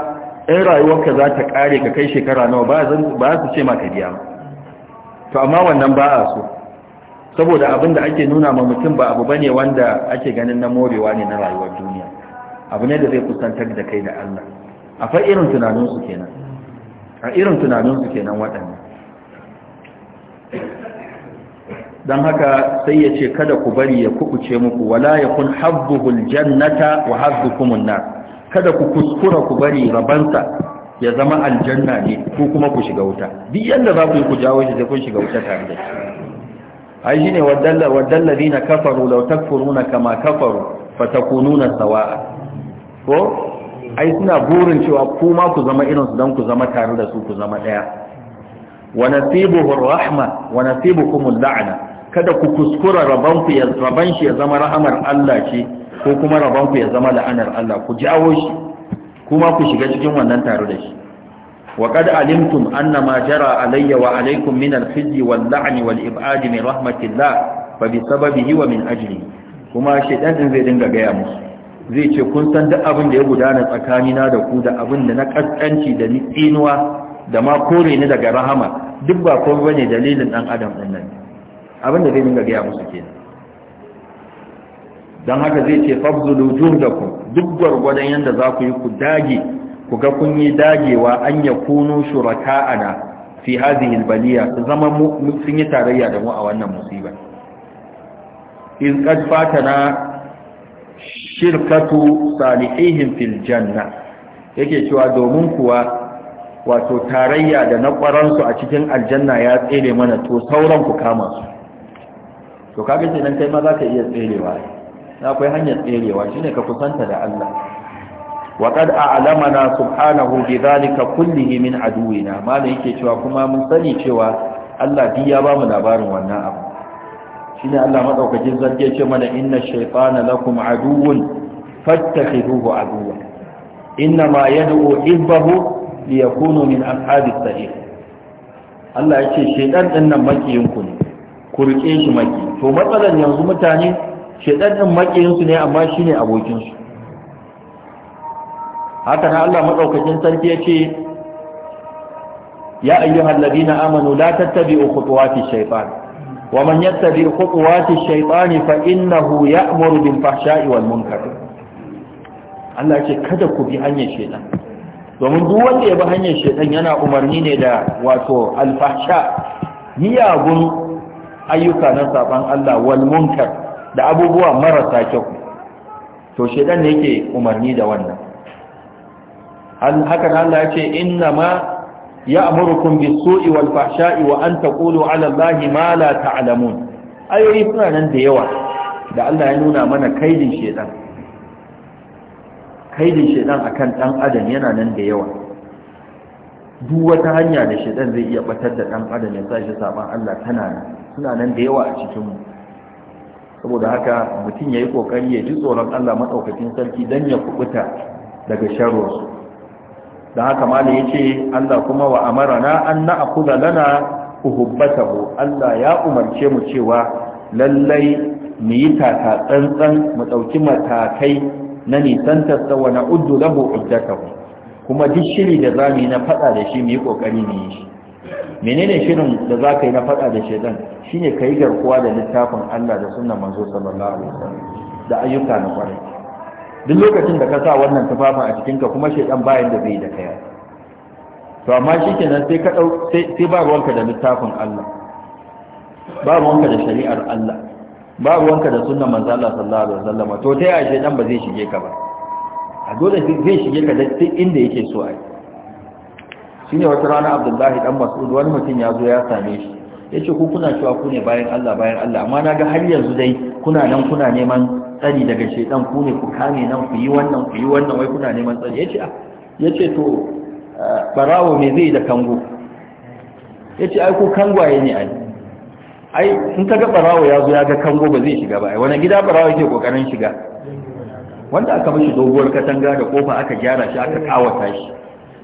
in rayuwarka za ta kare ka kai shekara nawa ba su ce ma ka biya ba to amma wannan ba a so saboda abin da ake nuna ma mutum ba abu bane wanda ake ganin na morewa ne na rayuwar duniya abu ne da zai kusantar da kai da Allah a fa irin tunaninsu kenan a irin tunaninsu kenan waɗannan don haka sai ya ce kada ku bari ya kubuce muku wala ya kun habbuhul jannata wa habbukumun nar kada ku kuskura ku bari rabansa ya zama aljanna ne ko kuma ku shiga wuta duk yanda za ku yi ku jawo shi sai kun shiga wuta tare da shi ai shine waddalla wadallazina kafaru law takfuruna kama kafaru fatakununa sawa'a ko ai suna burin cewa ku ma ku zama irin su dan ku zama tare da su ku zama daya wa nasibuhu rahma wa nasibukum al-la'na kada ku kuskura rabanku ya raban shi ya zama rahamar Allah ce ko kuma rabanku ya zama la'anar Allah ku jawo shi kuma ku shiga cikin wannan tare da shi wa qad alimtum anna jara alayya wa alaykum min al-khizyi wal-la'n wal-ib'ad min rahmatillah fa bi sababihi wa min ajli kuma shedan din zai dinga gaya musu zai ce kun san duk abin da ya gudana tsakanina da ku da abin da na kaskanci da ni tsinuwa da ma kore ni daga rahama duk ba komai bane dalilin dan adam din nan abin da zai dinga gaya musu kenan don haka zai ce da ku, duk gwargwadon yanda za ku yi ku dage ku ga kun yi dagewa an ya kuno shuraka'ana fi hadhihi albaliya zama mu sun yi tarayya da mu a wannan musiba in fata fatana shirkatu salihihim fil janna yake cewa domin kuwa wato tarayya da na kwaransu a cikin aljanna ya tsere mana to sauran ku kama su to kaga kenan kai ma zaka iya tserewa na akwai hanyar tserewa shine ka kusanta da Allah wa qad a'lamana subhanahu bi kulle kullihi min aduwina malai yake cewa kuma mun sani cewa Allah bi ya bamu labarin wannan abu shine Allah madaukakin zargi ya ce mana inna shaytana lakum aduwwun fattakhiduhu aduwwa inna ma yad'u hibbahu liyakunu min ashabis sa'ir Allah ya ce shaytan makiyinku nan ne ku riƙe shi maki to matsalar yanzu mutane shaidan din makiyinsu ne amma shine abokinsu haka na Allah madaukakin sarki ya ce ya ayyuhal ladina amanu la tattabi'u khutuwati shaytan wa man yattabi' khutuwati shaytan fa innahu ya'muru bil fahsha'i wal munkar Allah ya ce kada ku bi hanyar shaitan domin duk wanda ya bi hanyar shaitan yana umarni ne da wato al fahsha miyagun ayyuka na saban Allah wal munkar da abubuwa marasa kyau to shedan ne yake umarni da wannan haka Allah ya ce inna ma ya'murukum bis-su'i wal fahsha'i wa an taqulu 'ala Allahi ma la ta'lamun ayoyi suna nan da yawa da Allah ya nuna mana kaidin shedan kaidin shedan akan dan adam yana nan da yawa duk wata hanya da shedan zai iya batar da dan adam ya sa shi saban Allah tana nan suna nan da yawa a cikinmu saboda haka mutum ya yi ƙoƙari ya ji tsoron allah maɗaukacin sarki don ya kubuta daga sharuwarsu da haka malin ya ce allah kuma wa amara na an na akuda lana uhubbatahu allah ya umarce mu cewa lallai mu yi tata tsantsan mu ɗauki matakai na nisan wa na uddu lahu uddatahu kuma duk shiri da zamu na faɗa da shi mu yi ƙoƙari mu shi menene shirin da za ka yi na faɗa da shaidan ne ka yi garkuwa da littafin Allah da suna manzo sallallahu alaihi wasallam da ayyuka na kwarai duk lokacin da ka sa wannan tufafin a cikinka kuma shaidan bayan da bai da kaya to amma shi sai ka dau sai ba ruwanka da littafin Allah ba ruwanka da shari'ar Allah ba ruwanka da sunan manzo Allah sallallahu alaihi wasallam to ta yaya shaidan ba zai shige ka ba a dole zai shige ka da duk inda yake so a yi shine wata rana abdullahi dan mas'ud wani mutum ya zo ya same shi yace ku kuna cewa ku ne bayan Allah bayan Allah amma naga har yanzu dai kuna nan kuna neman tsari daga shedan ku ne ku kame nan ku yi wannan ku yi wannan wai kuna neman tsari yace ah. yace to eh, barawo me zai da kango yace ai ku kangwaye ne ai ai in ka ga barawo ya zo ya ga kango ba zai shiga ba ai wani gida barawo yake kokarin shiga wanda aka mishi doguwar katanga da kofa aka gyara shi aka kawata shi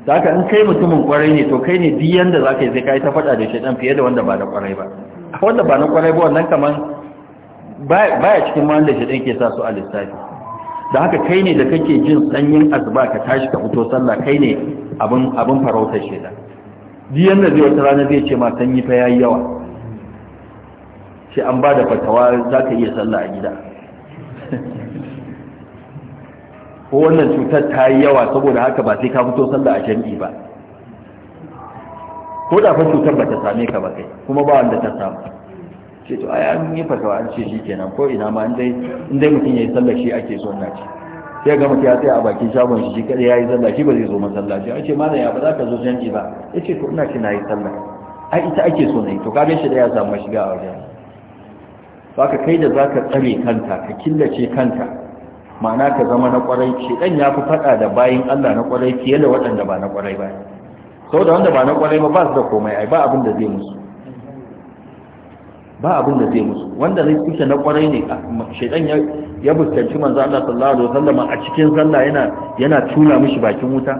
zaka in kai mutumin kwarai ne to kai ne duk yanda za ka yi sai ka yi ta faɗa da shaidan fiye da wanda ba na kwarai ba wanda ba na kwarai ba wannan kaman baya cikin wanda shaidan ke sa su a lissafi da haka kai ne da kake jin sanyin azba ka tashi ka fito sallah kai ne abin abin farautar shaidan duk yanda zai wata rana zai ce ma sanyi fa yayi yawa sai an ba da fatawa za ka iya sallah a gida ko wannan cutar ta yi yawa saboda haka ba sai ka fito sallah a jami'i ba ko da fa cutar ba ta same ka ba kai kuma ba wanda ta samu ce to ai an yi fatawa an ce shi kenan ko ina ma in dai in dai yi sallah shi ake so na ci sai ga mutum ya tsaya a bakin shagon shi kada yi sallah shi ba zai zo masallaci an ce malam ya ba za ka zo jami'i ba yace to ina ce na yi sallah ai ita ake so na yi to kaga shi da ya samu shiga a wajen baka kai da zaka tsare kanta ka killace kanka ma'ana ka zama na kwarai shedan ya fi fada da bayin Allah na kwarai fiye da waɗanda ba na kwarai ba sau da wanda ba na kwarai ba ba su da komai ai ba abin da zai musu ba abin da zai musu wanda zai kusa na kwarai ne ah, shedan ya buskanci manzo Allah sallallahu alaihi wasallam a cikin sallah yana yana tuna mishi bakin wuta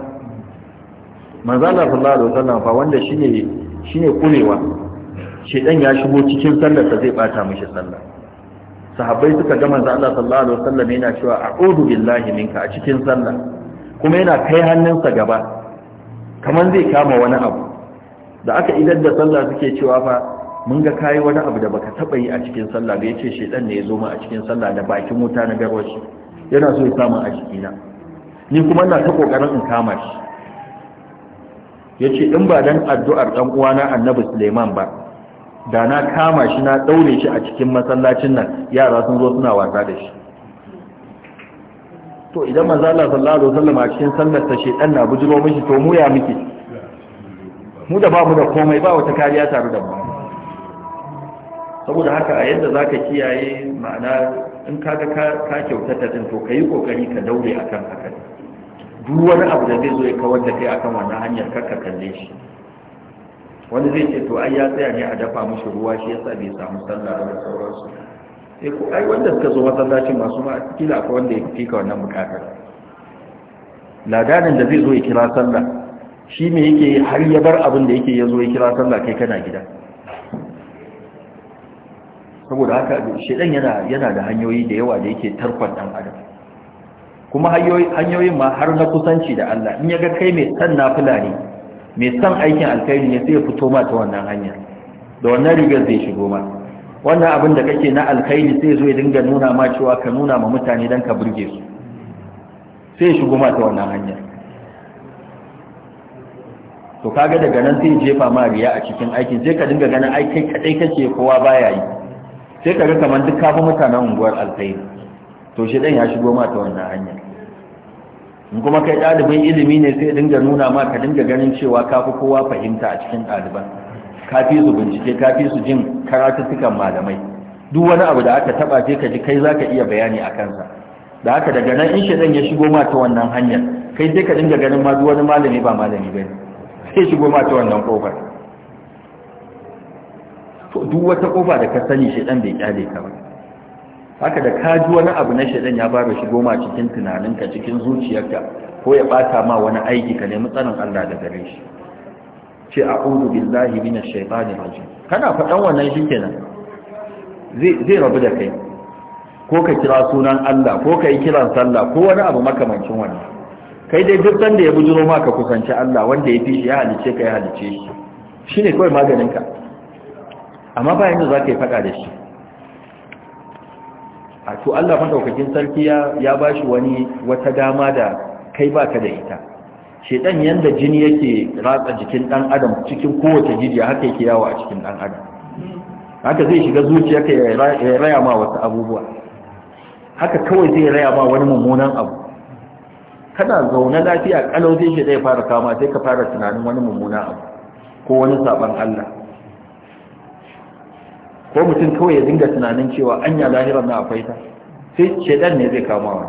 manzo Allah sallallahu alaihi wasallam fa wanda shine shine kurewa shedan ya shigo cikin sallar sa zai bata mishi sallah sahabbai suka ga manzo Allah sallallahu alaihi wasallam yana cewa a'udhu billahi minka a cikin sallah kuma yana kai hannunsa gaba kaman zai kama wani abu da aka idan da sallah suke cewa fa mun ga kai wani abu da baka taba yi a cikin sallah da yace shedan ne ya zo a cikin sallah da bakin wuta na garwashi yana so ya samu a na. ni kuma ina ta kokarin in kama shi yace in ba dan addu'ar dan uwana Annabi Suleiman ba da na kama shi na daure shi a cikin masallacin nan yara sun zo suna wasa da shi to idan manzo Allah sallallahu alaihi wasallam a cikin sallar ta shedan na bujiro mishi to mu ya miki mu da babu da komai ba wata kariya tare da mu saboda haka a yadda zaka kiyaye ma'ana in kaga ka kyautata din to kai kokari ka daure akan haka duk wani abu da zai zo ya kawar da kai akan wannan hanyar ka kalle shi wani zai ce to ai ya tsaya ne a dafa mushi ruwa shi yasa bai samu sallah da sauransu sai eh, ko ai wanda suka zo masallaci masu ma kila akwai wanda ya fi ka wannan bukatar ladanin da zai zo ya kira sallah shi ne yake har ya bar abin da yake ya zo ya kira sallah kai kana gida saboda haka shedan yana yana da hanyoyi da yawa da yake tarkon dan adam kuma hanyoyin ma har na kusanci da Allah in ya ga kai mai san nafila ne mai son aikin alkhairi ne sai ya fito ma ta wannan hanya da wannan rigar zai shigo ma wannan abin da kake na alkhairi sai zo ya dinga nuna ma cewa ka nuna ma mutane don ka burge su sai ya shigo ma ta wannan hanya to kaga daga nan sai jefa ma riya a cikin aikin sai ka dinga ganin ai kai kadai kake kowa baya yi sai ka ga kamar duk kafin mutanen unguwar alkhairi to shi dan ya shigo ma ta wannan hanyar. in kuma kai ɗalibin ilimi ne sai dinga nuna ma ka dinga ganin cewa ka fi kowa fahimta a cikin ɗaliban ka fi su bincike ka fi su jin karatuttukan malamai duk wani abu da aka taba je ka ji kai za ka iya bayani a kansa da haka daga nan in shaidan ya shigo ma ta wannan hanyar kai sai ka dinga ganin ma duk wani malami ba malami bane sai shigo ma ta wannan kofar to duk wata kofa da ka sani shaidan bai kyale ka ba haka da ka ji wani abu na shaidan ya fara shi goma cikin tunaninka cikin zuciyarka ko ya bata ma wani aiki ka nemi tsarin Allah da gare shi ce a'udhu billahi minash shaitani rajim kana faɗan wannan shi zai zai rabu da kai ko ka kira sunan Allah ko ka yi kiran sallah ko wani abu makamancin wannan kai dai duk sanda ya bujuro ma ka kusanci Allah wanda ya fi shi ya halice ka ya halice shi shine kawai maganinka amma bayan da za ka yi faɗa da shi a to Allah madaukakin sarki ya ya bashi wani wata dama da kai baka da ita shedan yanda jini yake ratsa jikin dan adam cikin kowace jijiya haka yake yawo a cikin dan adam haka zai shiga zuciyarka ya raya ma wasu abubuwa haka kawai zai raya ma wani mummunan abu kana zaune lafiya kalau zai shi zai fara kama sai ka fara tunanin wani mummunan abu ko wani saban Allah ko mutum kawai ya dinga tunanin cewa anya lahirar na akwai ta sai shaidan ne zai kama wa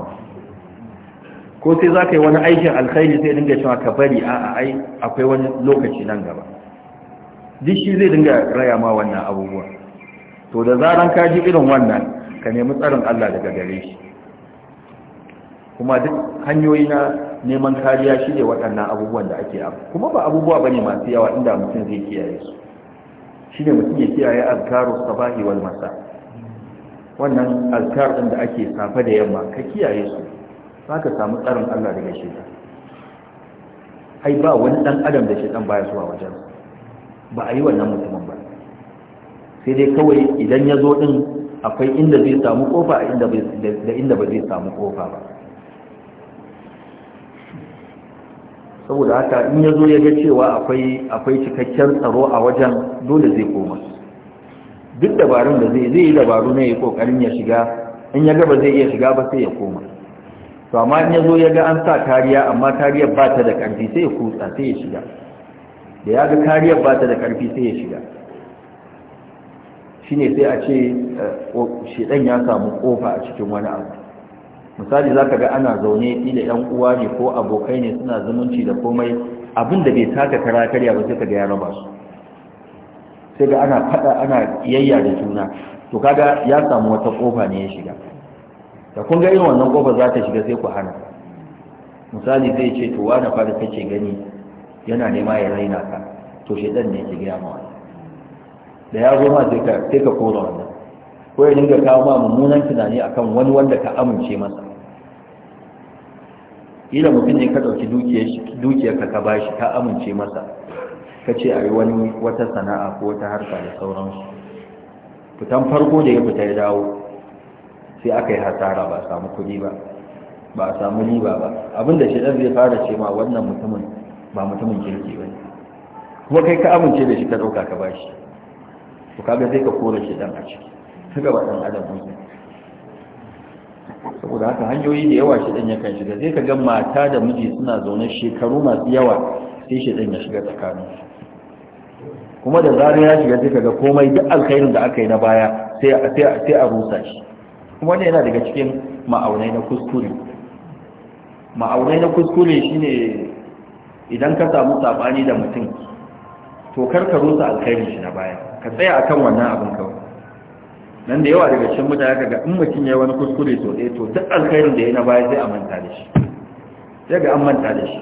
ko sai za ka yi wani aikin alkhairi sai dinga cewa ka bari a ai akwai wani lokaci nan gaba duk shi zai dinga raya ma wannan abubuwa to da zaran ka ji irin wannan ka nemi tsarin Allah daga gare shi kuma duk hanyoyi na neman kariya shi ne waɗannan abubuwan da ake abu kuma ba abubuwa ba ne masu yawa inda mutum zai kiyaye su shine mutum ya kiyaye azkaru sabahi wal masa wannan azkar din da ake safa da yamma ka kiyaye su ka samu tsarin Allah daga ta. ai ba wani dan adam da ɗan baya zuwa wajen ba a yi wannan mutumin ba sai dai kawai idan ya zo din akwai inda zai samu kofa a da inda ba zai samu kofa ba saboda haka in ya zo ya ga cewa akwai cikakken tsaro a wajen dole zai koma duk dabarun da zai zai yi dabaru na ya kokarin ya shiga in ya gaba zai iya shiga ba sai ya koma to amma in ya zo ya ga an sa kariya amma kariyar ba ta da ƙarfi sai ya kutsa sai ya shiga da ya ga kariyar ba ta da ƙarfi sai ya shiga shine sai a ce eh, shedan ya samu kofa a cikin wani abu misali za ka ga ana zaune ila yan uwa ne ko abokai ne suna zumunci da komai abin da bai taka kara karya ba sai ka ga ya raba su sai ga ana fada ana yayya da juna to kaga ya samu wata kofa ne ya shiga da kun ga irin wannan kofa za ta shiga sai ku hana misali zai ce to wani fara kace gani yana nema ya raina ka to dan ne ke gaya ma wani da ya zo ma sai ka kora wannan ko ya dinga kawo ma mummunan tunani akan wani wanda ka amince masa ila mutum ne ka ɗauki dukiyarka ka ka bashi ka amince masa ka ce a yi wani wata sana'a ko wata harka da sauransu fitan farko da ya fita ya dawo sai aka yi hasara ba a samu kudi ba ba a samu riba ba abinda shi ɗan zai fara ce ma wannan mutumin ba mutumin kirki ba kuma kai ka amince da shi ka ɗauka ka bashi to kaga sai ka kore shi ɗan a ciki suka ba ɗan adam mutum saboda haka hanyoyi da yawa shi ya yakan shiga sai ka ga mata da miji suna zaune shekaru masu yawa sai shi ya shiga tsakanin kuma da zarar ya shiga sai ka ga komai duk alkhairin da aka yi na baya sai sai a rusa shi kuma wannan yana daga cikin ma'aunai na kuskure ma'aunai na kuskure shine idan ka samu sabani da mutum to kar ka rusa alkhairin shi na baya ka tsaya akan wannan abin kawai nan da yawa daga cikin mutane ga in mutum ya wani kuskure to eh to duk alkhairin da ya na baya sai a manta da shi sai ga an manta da shi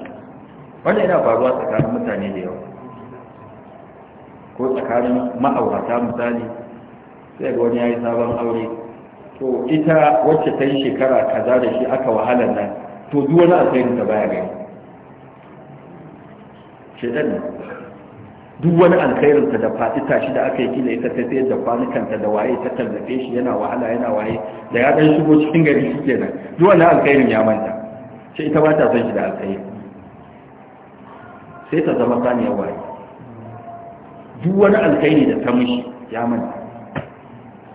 wannan yana faruwa tsakanin mutane da yawa ko tsakanin ma'aurata misali sai ga wani ya yi sabon aure to ita wacce ta yi shekara kaza da shi aka wahalar nan to duk wani alkhairin ta baya gani shedan ne duk wani alkhairinka da faɗi tashi da aka yi kila ita ta sayar da kwanukanta da waye ta tallafe shi yana wahala yana waye da ya ɗan shigo cikin gari shi kenan duk wani alkhairin ya manta shi ita ba ta son shi da alkhairi sai ta zama saniyar waye duk wani alkhairi da ta mishi ya manta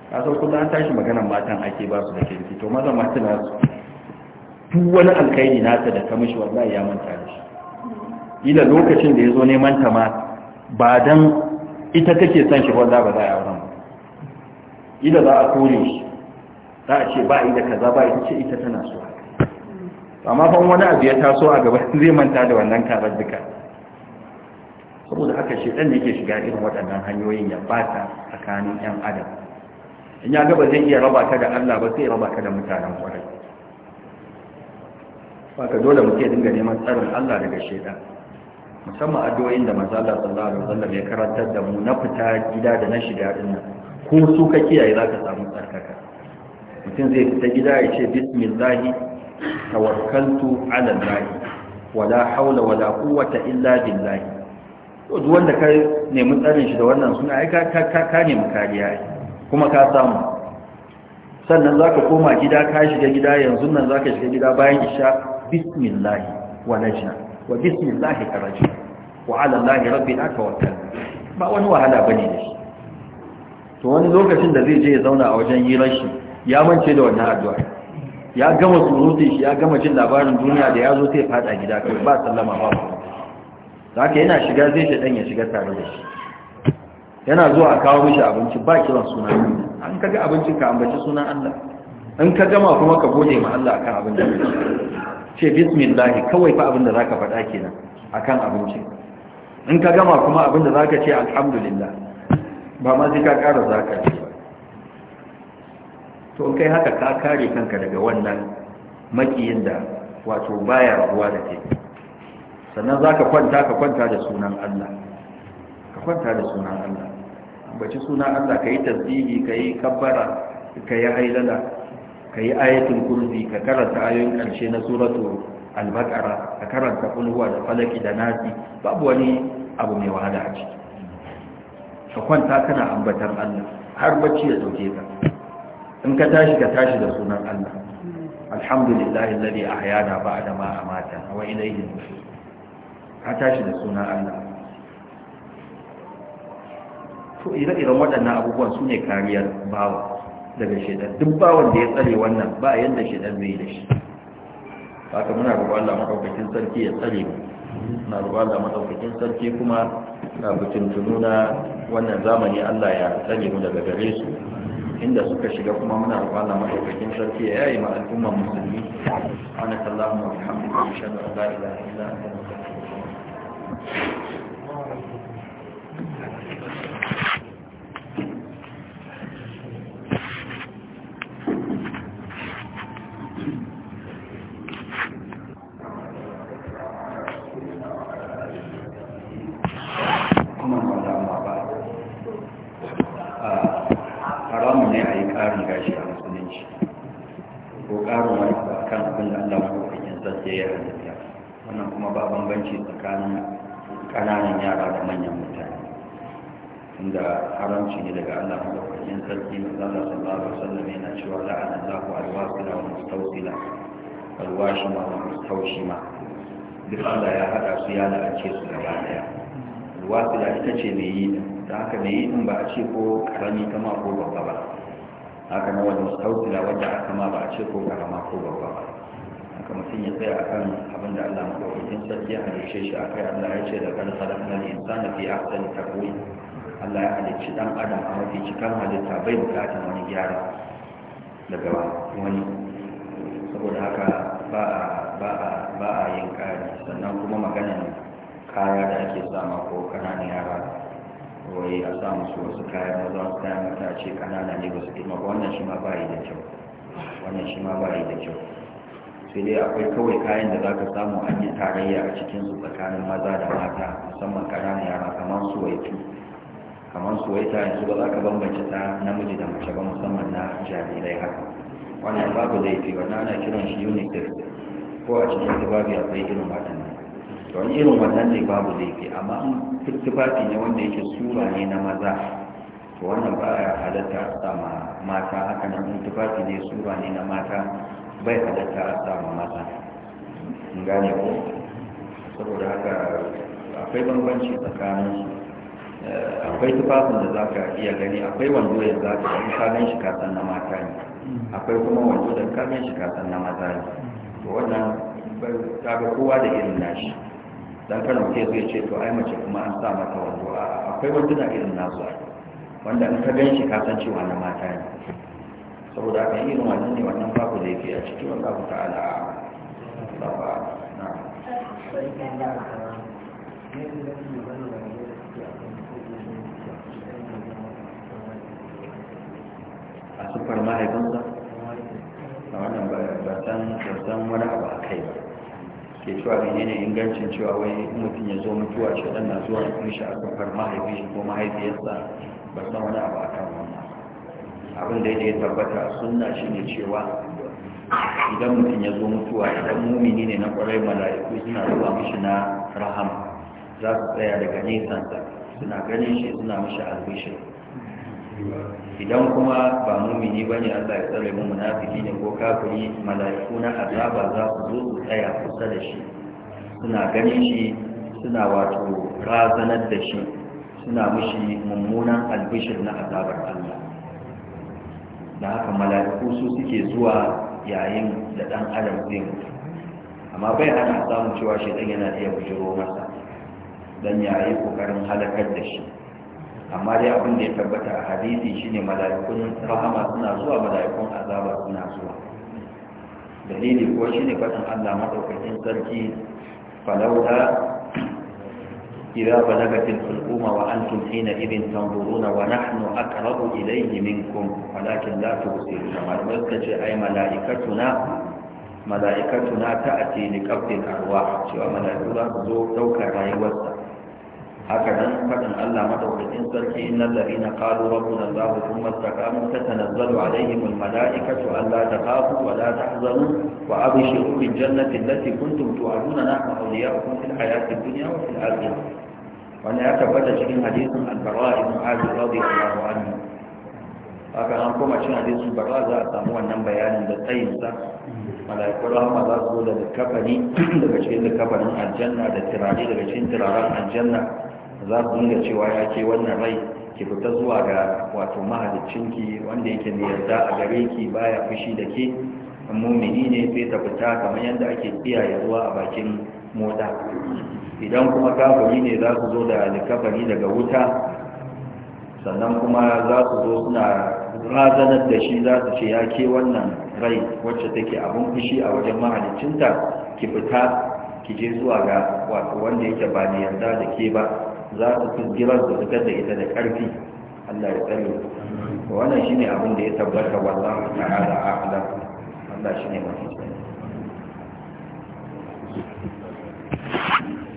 ka sau kuma an tashi maganan matan ake ba su da ke to maza matan su duk wani alkhairi nata da ta mishi wallahi ya manta da shi ila lokacin da ya zo neman ta ma ba dan ita take son shi ba ba za a auren ida za a kore shi za a ce ba ida kaza ba ita ce ita tana so amma fa wani abu ya taso a gaba zai manta da wannan karar duka saboda haka shi dan yake shiga irin waɗannan hanyoyin ya bata tsakanin yan adam in ya gaba zai iya raba ka da Allah ba sai raba ka da mutanen kwarai ka dole muke dinga neman tsarin Allah daga shaidan musamman addu'o'in da manzo Allah sallallahu alaihi wasallam ya karantar da mu na fita gida da na shiga din ko su ka kiyaye zaka samu tsarkaka mutum zai fita gida ya ce bismillah tawakkaltu ala Allah wala haula wala quwwata illa billah to duk wanda ka nemi tsarin shi da wannan suna ai ka ka nemi kariya kuma ka samu sannan za ka koma gida ka shiga gida yanzu nan za ka shiga gida bayan isha bismillah wa najna wa bismillahi karaji wa ala allahi rabbina tawakkal ba wani wahala bane da shi to wani lokacin da zai je ya zauna a wajen yi rashi ya mance da wannan addu'a ya gama surutun shi ya gama jin labarin duniya da ya zo sai fada gida kai ba sallama ba za yana shiga zai shaɗan ya shiga tare da shi yana zuwa a kawo mishi abinci ba kiran sunan Allah an kaga abincin ka ambaci sunan Allah in ka gama kuma ka gode ma Allah akan abin da kake ce bismillah kawai fa abin da zaka faɗa kenan akan abinci in ka gama kuma abin da zaka ce alhamdulillah ba ma zika ka ƙara zaka ce to in kai haka ka kare kanka daga wannan makiyin da wato baya ruwa da ke sannan zaka kwanta ka kwanta da sunan Allah ka kwanta da sunan Allah ambaci sunan Allah kai tasbihi kai kabbara kai ailala ka yi ayatul kursi ka karanta ayoyin ƙarshe na suratu albakara ka karanta kulhuwa da falaki da nasi babu wani abu mai wahala a ciki ka kwanta kana ambatar Allah har bacci ya dauke ka in ka tashi ka tashi da sunan Allah alhamdulillahi alladhi ahyana ba'da ma amata wa ilayhi nushur ka tashi da sunan Allah to ire-iren waɗannan abubuwan su ne kariyar bawa daga shaidan duk bawan da ya tsare wannan ba yanda shaidan zai da shi ka muna roƙon Allah madaukakin sarki ya tsare mu muna roƙon Allah madaukakin sarki kuma na fitintunu na wannan zamani Allah ya tsare mu daga gare su inda suka shiga kuma muna roƙon Allah madaukakin sarki ya yayi ma al'ummar musulmi subhanaka allahumma wa bihamdika ashhadu an la illa hukunci ne daga Allah madaukakin sarki na manzala sallallahu alaihi wasallam yana cewa la'ana Allahu alwasila wa mustawsila alwashima wa mustawshima duk Allah ya hada su ya la'ance su gaba daya alwasila ita ce mai yi da haka mai yi din ba a ce ko karami kama ko babba ba haka na wani mustawsila wanda a kama ba a ce ko karama ko babba ba haka mutum ya tsaya akan abin da Allah madaukakin sarki ya halishe shi akai Allah ya ce da kan sadaka ne insani fi ahsani taqwim Allah ya halicci dan adam a mafi cikin halitta bai bukatar wani gyara daga wani saboda haka ba a yin kari sannan kuma ne, kaya da ake sama ko kananan yara wai a sa su wasu da maza wasu kaya mata ce kanana ne ba su ba wannan shi ma ba yi da kyau wannan shi ma ba yi da kyau sai dai akwai kawai kayan da za ka samu an yi tarayya a cikinsu tsakanin maza da mata musamman kananan yara kamar su waitu kamar ta yanzu ba za ka bambance ta namiji da mace ba musamman na jarirai haka wannan babu laifi wannan ana kiran shi unisex ko a cikin tubabi akwai irin wannan to wani irin wannan ne babu laifi amma in tubabi ne wanda yake sura ne na maza to wannan ba ya halatta a sama mata haka nan in tubabi ne sura ne na mata bai halatta a sama mata in gane ko saboda haka akwai bambanci tsakanin su Eh, akwai tufafin da za ka iya gani akwai wando ya za ka yi kamen shi kasan na mata ne akwai kuma wando da kamen shi kasan na maza ne to wannan ta ga kowa da irin nashi dan kano ke zai ce to ai mace kuma an sa mata wando a akwai wando na irin nasu wanda in ka gan shi kasan cewa na mata ne saboda haka irin wannan ne wannan babu da yake a ciki wanda ku ta'ala ba ba na a siffar mahaifinsa a wannan ba san wani abu a kai ba ke cewa mene ne ingancin cewa wai mutum ya zo mutuwa shi dan na zuwa kun kunshi a sufar mahaifin shi ko mahaifiyarsa ba san wani abu a kan wannan abin da ya tabbata sunna ne cewa idan mutum ya zo mutuwa idan mumini ne na kwarai mala'iku suna zuwa mishi na rahama za su tsaya daga nesansa suna ganin shi suna mishi albishir idan kuma ba mumini bane Allah ya tsare mu munafiki ne ko kafiri mala'iku na azaba za su zo su tsaya kusa da shi suna ganin shi suna wato razanar da shi suna mushi mummunan albishir na azabar Allah da haka mala'iku su suke zuwa yayin da dan adam zai mutu amma bai hana samun cewa shi dan yana iya bujiro masa dan yayi kokarin halakar da shi amma dai abin da ya tabbata a hadisi shine mala'ikun rahama suna zuwa mala'ikun azaba suna zuwa dalili ko ne fatan Allah madaukakin sarki falauta idza balagatil hulquma wa antum hina idin tanzuruna wa nahnu aqrabu ilayhi minkum walakin la tubsiruna malaka ce ai mala'ikatuna mala'ikatuna ta'ati liqabdil arwah cewa malaikatu za su zo daukar rayuwarsa هكذا فكان الله مدعوكين سركي ان الذين قالوا ربنا الله ثم استقاموا تتنزل عليهم الملائكه الا تخافوا ولا تحزنوا وابشروا بالجنه التي كنتم توعدون نحن اولياؤكم في الحياه الدنيا وفي الاخره وانا اتفتى شيء حديث عن البراء بن عازر رضي الله عنه هكذا انكم اشهد حديث البراء ساموا النمبا يعني بالتيمسة ملائكة رحمة الله سبحانه وتعالى الكفني لكشين الكفني الجنة التراني لكشين ترارات الجنة za ku dinga cewa ya ke wannan rai ki fita zuwa ga wato mahaliccinki wanda yake ne yarda a gare ki baya fushi da ke mumini ne sai ta fita kamar yadda ake kiyaye zuwa a bakin mota idan kuma kafiri ne za ku zo da likafari daga wuta sannan kuma za ku zo suna razanar da shi za su ce ya ke wannan rai wacce take abin fushi a wajen mahalicinta ki fita ki je zuwa ga wato wanda yake ba ne yarda da ke ba za su fi giran su fitar da ita da ƙarfi Allah ya tsare wannan shine abin da ya tabbata wallahu ta'ala a'lam Allah ne mafi tsare